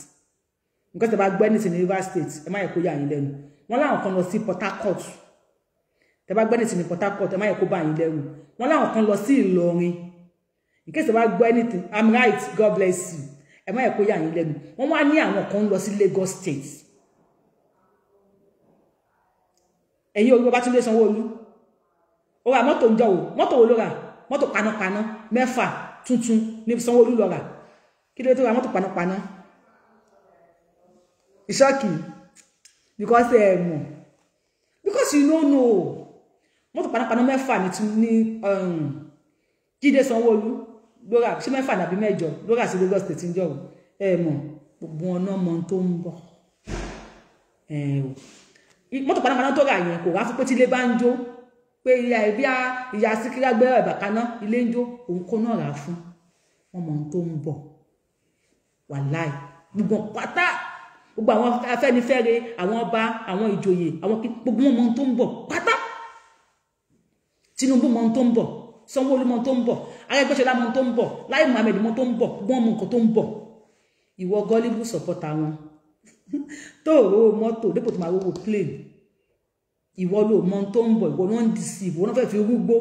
nǹkan tẹ́ bá gbọ́ anything ní Rivers State ẹ má yẹ kó yà yín lẹ́nu wọ́n láwọn kan lọ sí Port Harcourt tẹ́ bá gbọ́ anything ní Port Harcourt ẹ má yẹ kó bà yín lẹ́nu wọ́n láwọn kan lọ sí Ìlọrin in case tẹ́ bá gbọ́ anything I'm right God bless you ẹ má yẹ kó yà yín lẹ́nu wọ́n wá ní àwọn kan lọ sí Lagos State ẹ̀yin olú ọba Túndé Sanwó-Olú ó ra mọ́tò ń jọ wò mọ́tò wo ló rà mọ́tò panápaná mẹ́fà tuntun ní Sanwó-Olú lọ rà kí ló dé tó ra mọ́tò panápaná. It's shocking because ẹ um, mọ̀ because you no know mọ́tò panápaná mẹ́fà ni tún ní um, Jídé Sanwó-Olú lóra ṣé mẹ́fà nàbí mẹ́jọ lóra sí Lagos State ń jọ̀rọ̀ ẹ mọ̀ gbogbo ọ̀nà ọmọ tó ń bọ̀ ẹ um, o mọ́tò panápaná tó rà yẹn kò rà fún pé tí ilé bá ń jó pé ìyá ẹbí ìyá síkírá gbẹ́rẹ́ ìbàkaná ilé ń jó òun kó náà rà fún ọmọ tó ń bọ̀ wàláì gbogbo pátá gbogbo àwọn afẹ́nifẹ́re àwọn ọba àwọn ìjòyè àwọn gbogbo wọn mọ ohun tó ń bọ̀ pátá Tinubu mọ ohun tó ń bọ̀ Sanwó-Olú mọ ohun tó ń bọ̀ Arẹ́gbẹ́ṣọlá mọ ohun tó ń bọ̀ Lai Muhammed mọ ohun tó ń bọ̀ gbogbo wọn mọ nǹkan tó ń bọ̀ ìwọ gọlíbù sọpọta wọn tó owó mọ́tò dépò tó máa wọwọ plane ìwọ ló mọ ohun tó ń bọ̀ ìwọ náà ń dìsí ìwọ náà fẹ́ẹ́ fi rúgbó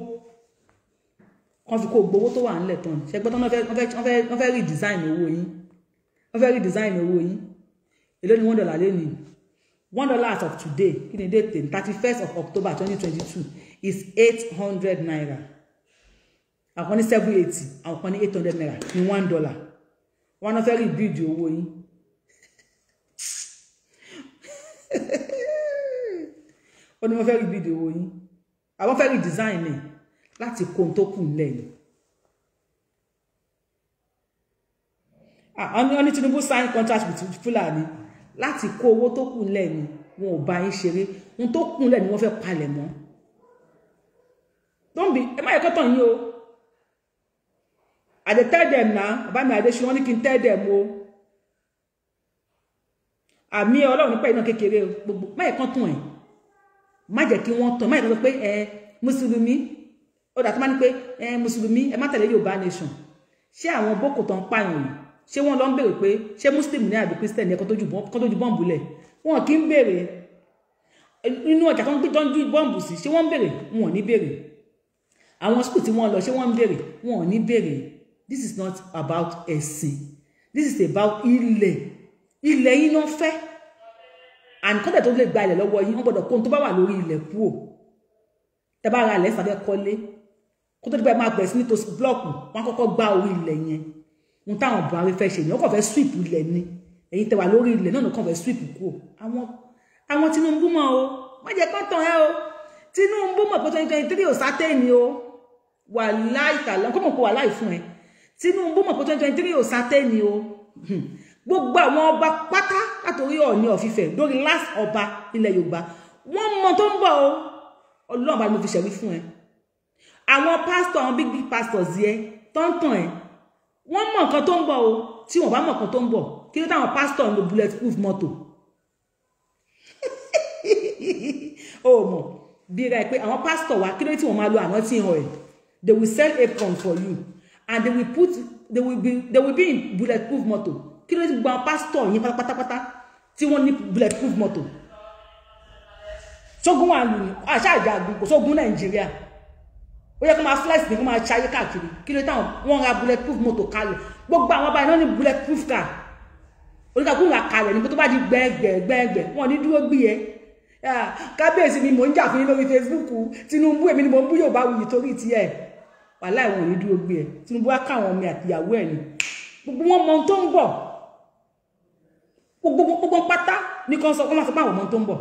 kan fi kó gbowó tó wà ńlẹ̀ tán ṣẹgbẹ tán wọn fẹ́ẹ́ redesign owó yín wọn fẹ́ẹ́ redesign owó yín èló ni one dollar lẹ́nu one dollar as of today kí ni date ten thirty first of october twenty twenty two is eight hundred naira àwọn kan ní seven eighty àwọn kan ní eight hundred naira ní one dollar wọn náà fẹ́ rí bíìdì owó yín ó ní wọ́n fẹ́ rí bíìdì owó yín àwọn fẹ́ rí design ni láti kó ohun tó kù nílẹ̀ yìí. ah wọ́n ní Tinubu sign contract with Fulani láti kó owó tó kù lẹ̀ ni wọn ò bá yín ṣeré ohun tó kù lẹ̀ ni wọ́n fẹ́ palẹ̀ mọ́ don't be ẹ má yẹ kọ́tàn yín o i dey tell them na bàbá mi àdéṣe wọn ní kí n tell them o àmì ọlọ́run nípa iná kékeré o gbogbo má yẹ kán tàn ẹ̀ má jẹ́ kí wọ́n tàn má yẹ kán sọ pé ẹ mùsùlùmí ó dàtí má ní pé ẹ mùsùlùmí ẹ má tẹ̀lé yorùbá nation ṣé àwọn boko tó ń pààyàn yìí ṣé wọ́n lọ ń béèrè pé ṣé muslim ní àbí christian ní kó tó ju bọ́ǹbù lẹ̀ wọn kì í béèrè inú ọjà kan tó ń ju bọ́ǹbù sí ṣé wọ́n ń béèrè wọn ò ní béèrè àwọn school tí wọ́n lọ ṣé wọ́n ń béèrè wọn ò ní béèrè this is not about ẹ̀sìn this is about ilẹ̀ ilẹ̀ yín ló ń and kọ́dẹ̀ tó lè gba ilẹ̀ lọ́wọ́ yín wọ́n gbọ́dọ̀ kó ohun tó bá wà lórí ilẹ̀ kú o tẹ́ ilẹ̀ sàbẹ́ kọ́lé kó tó dé pẹ́ máa bẹ̀rẹ̀ sí ní tòsí blọ́ọ̀kù wọn kọ́kọ́ gbá orí ilẹ̀ yẹn ohun táwọn Buhari fẹ́ ṣe èèyàn kàn fẹ́ sweep ilẹ̀ ni ẹ̀yin tẹwà lórí ilẹ̀ náà kàn fẹ́ sweep kú o àwọn àwọn Tinubu mọ̀ o wọ́n jẹ́ kán tàn ẹ́ o Tinubu mọ̀ pé twenty twenty three ò sátẹ́ni o wà láì tàlọ́ kó mọ̀ pé wà láì fún ẹ Tinubu mọ̀ pé twenty twenty three ò sátẹ́ni o hmm. gbogbo àwọn ọba pátá látòrí Ọ̀ọ̀ni ọ̀fífẹ́ lórí last ọba ilẹ̀ Yorùbá wọ́n mọ tó ń bọ̀ o Ọlọ́run bá mi fi ṣẹ̀wí fún ẹ àwọn pásítọ̀ àwọn big big pastors yẹ tọ́ntàn ẹ̀ wọ́n mọ̀ nǹkan tó ń bọ̀ o tí wọ́n bá mọ̀ nǹkan tó ń bọ̀ kí ló táwọn pásítọ̀ ń lo bulletproof mọ́tò o mọ̀ bí ra ẹ pé àwọn pásítọ̀ wa kí ló tí wọ́n máa lo anointing oil they will sell apron for you and they will put they will be they will be in bulletproof mọ́tò kí ló tí gbogbo àwọn pásítọ̀ yín pátápátá tí wọ́n ní bulletproof mọ́tò sógun wà lù ní àṣà àjà àgùn kò sógun Nàìjíríà ó yẹ kó máa slice ní kó máa ṣayé káàkiri kí ló táwọn wọ́n ra bullet proof moto kalẹ̀ gbogbo àwọn abáyé náà ní bullet proof car oníkàkú ra kalẹ̀ níbi tó bá di gbẹ́gbẹ́gbẹ́gbẹ́ wọ́n ní dúró gbé yẹn kábíyèsí ni mò ń jà fún yín lórí Facebook Tinubu èmi ni mò ń bú Yorùbá wuyì torí tiẹ̀ wàhálà ìwọ̀n ní dúró gbé ẹ̀ Tinubu á káwọn ọmọ àtìyàwó ẹ̀ ni gbogbo wọn mọ ohun tó ń bọ̀ gbogbo pátá ní kan sọ kó má sọ pé àwọn ọmọ tó ń bọ̀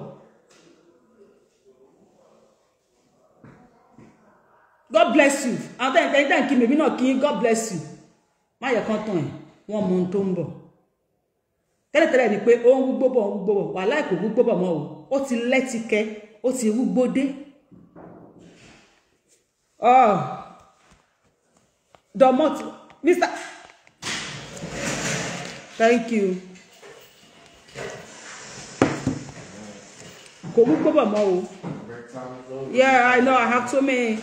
God bless you àwọn tẹ̀ ẹ̀ tẹ̀ kí mèmí náà kí God bless you má yẹ kán tán ẹ̀ wọ́n mọ ohun tó ń bọ̀ tẹ́lẹ̀tẹ́lẹ̀ ni pé ó ń wúgbó bọ̀ ń wúgbó bọ̀ wàhálà kò wúgbó bọ̀ mọ́ o ó ti lẹ́tìkẹ́ ó ti wúgbó dé. Oh. Domot Mr. Thank you. Kò wúgbó bọ̀ mọ́ o. Yeah, I know I have so many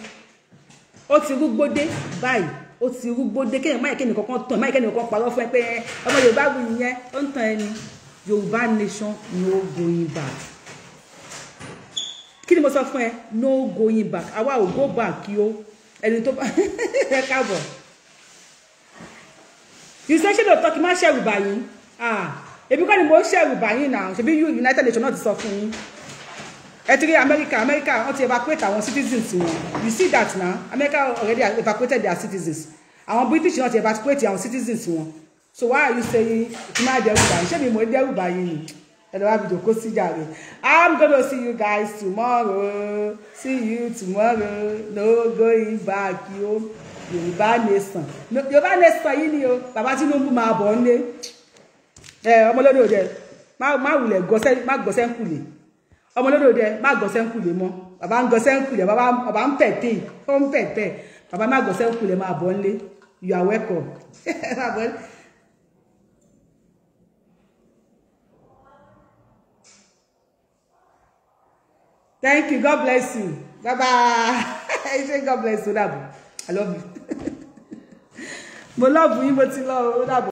ó ti rúgbó dé báyìí ó ti rúgbó dé kéèyàn máyì kéèyàn kankan tàn máyì kéèyàn kankan parọ́ fún ẹ pé ọmọ yorùbá wù yẹn ó ń tàn ẹni yorùbá nation no going back kí ni mo sọ fún ẹ no going back àwa ò go back yo ẹni tó bá ẹ káàbọ̀ ìṣẹ́ṣẹ́ lò tọ́kì má ṣẹ̀rù báyìí ah, èmi kọ́ ni mo ń ṣẹ̀rù báyìí náà ṣebí united nations náà ti sọ fún yín ẹ ti America America wọ́n ti evacuate àwọn citizens wọn you see that na America already evacuated their citizens àwọn British náà ti evacuate àwọn citizens wọn so why are you saying ìtumá dẹ́rù báyìí ṣé mi mọ̀ dẹ́rù báyìí ni ẹ̀rọ àbìjọ kó sí jàre I'm gonna see you guys tomorrow see you tomorrow no going back yo Yorùbá nation Yorùbá nation yìí ni o bàbá Tinubu máa bọ̀ ọ́ nílé ọmọlẹ́ni ò jẹ má wulẹ̀ gọ́sẹ́ má gọ́sẹ́ ń kùlé ọmọ lódòdẹ má gọ̀ọ́sẹ́ ń mọ́ bàbá ń gọ̀ọ́sẹ́ ń bàbá ń pẹ̀tẹ́ ó ń pẹ̀tẹ́ bàbá má gọ̀ọ́sẹ́ ń kulè máa bọ̀ you are welcome Thank you. God bless you. Bye bye. I say God bless you. Ó I love you. Mo love you. Mo ti love. Ó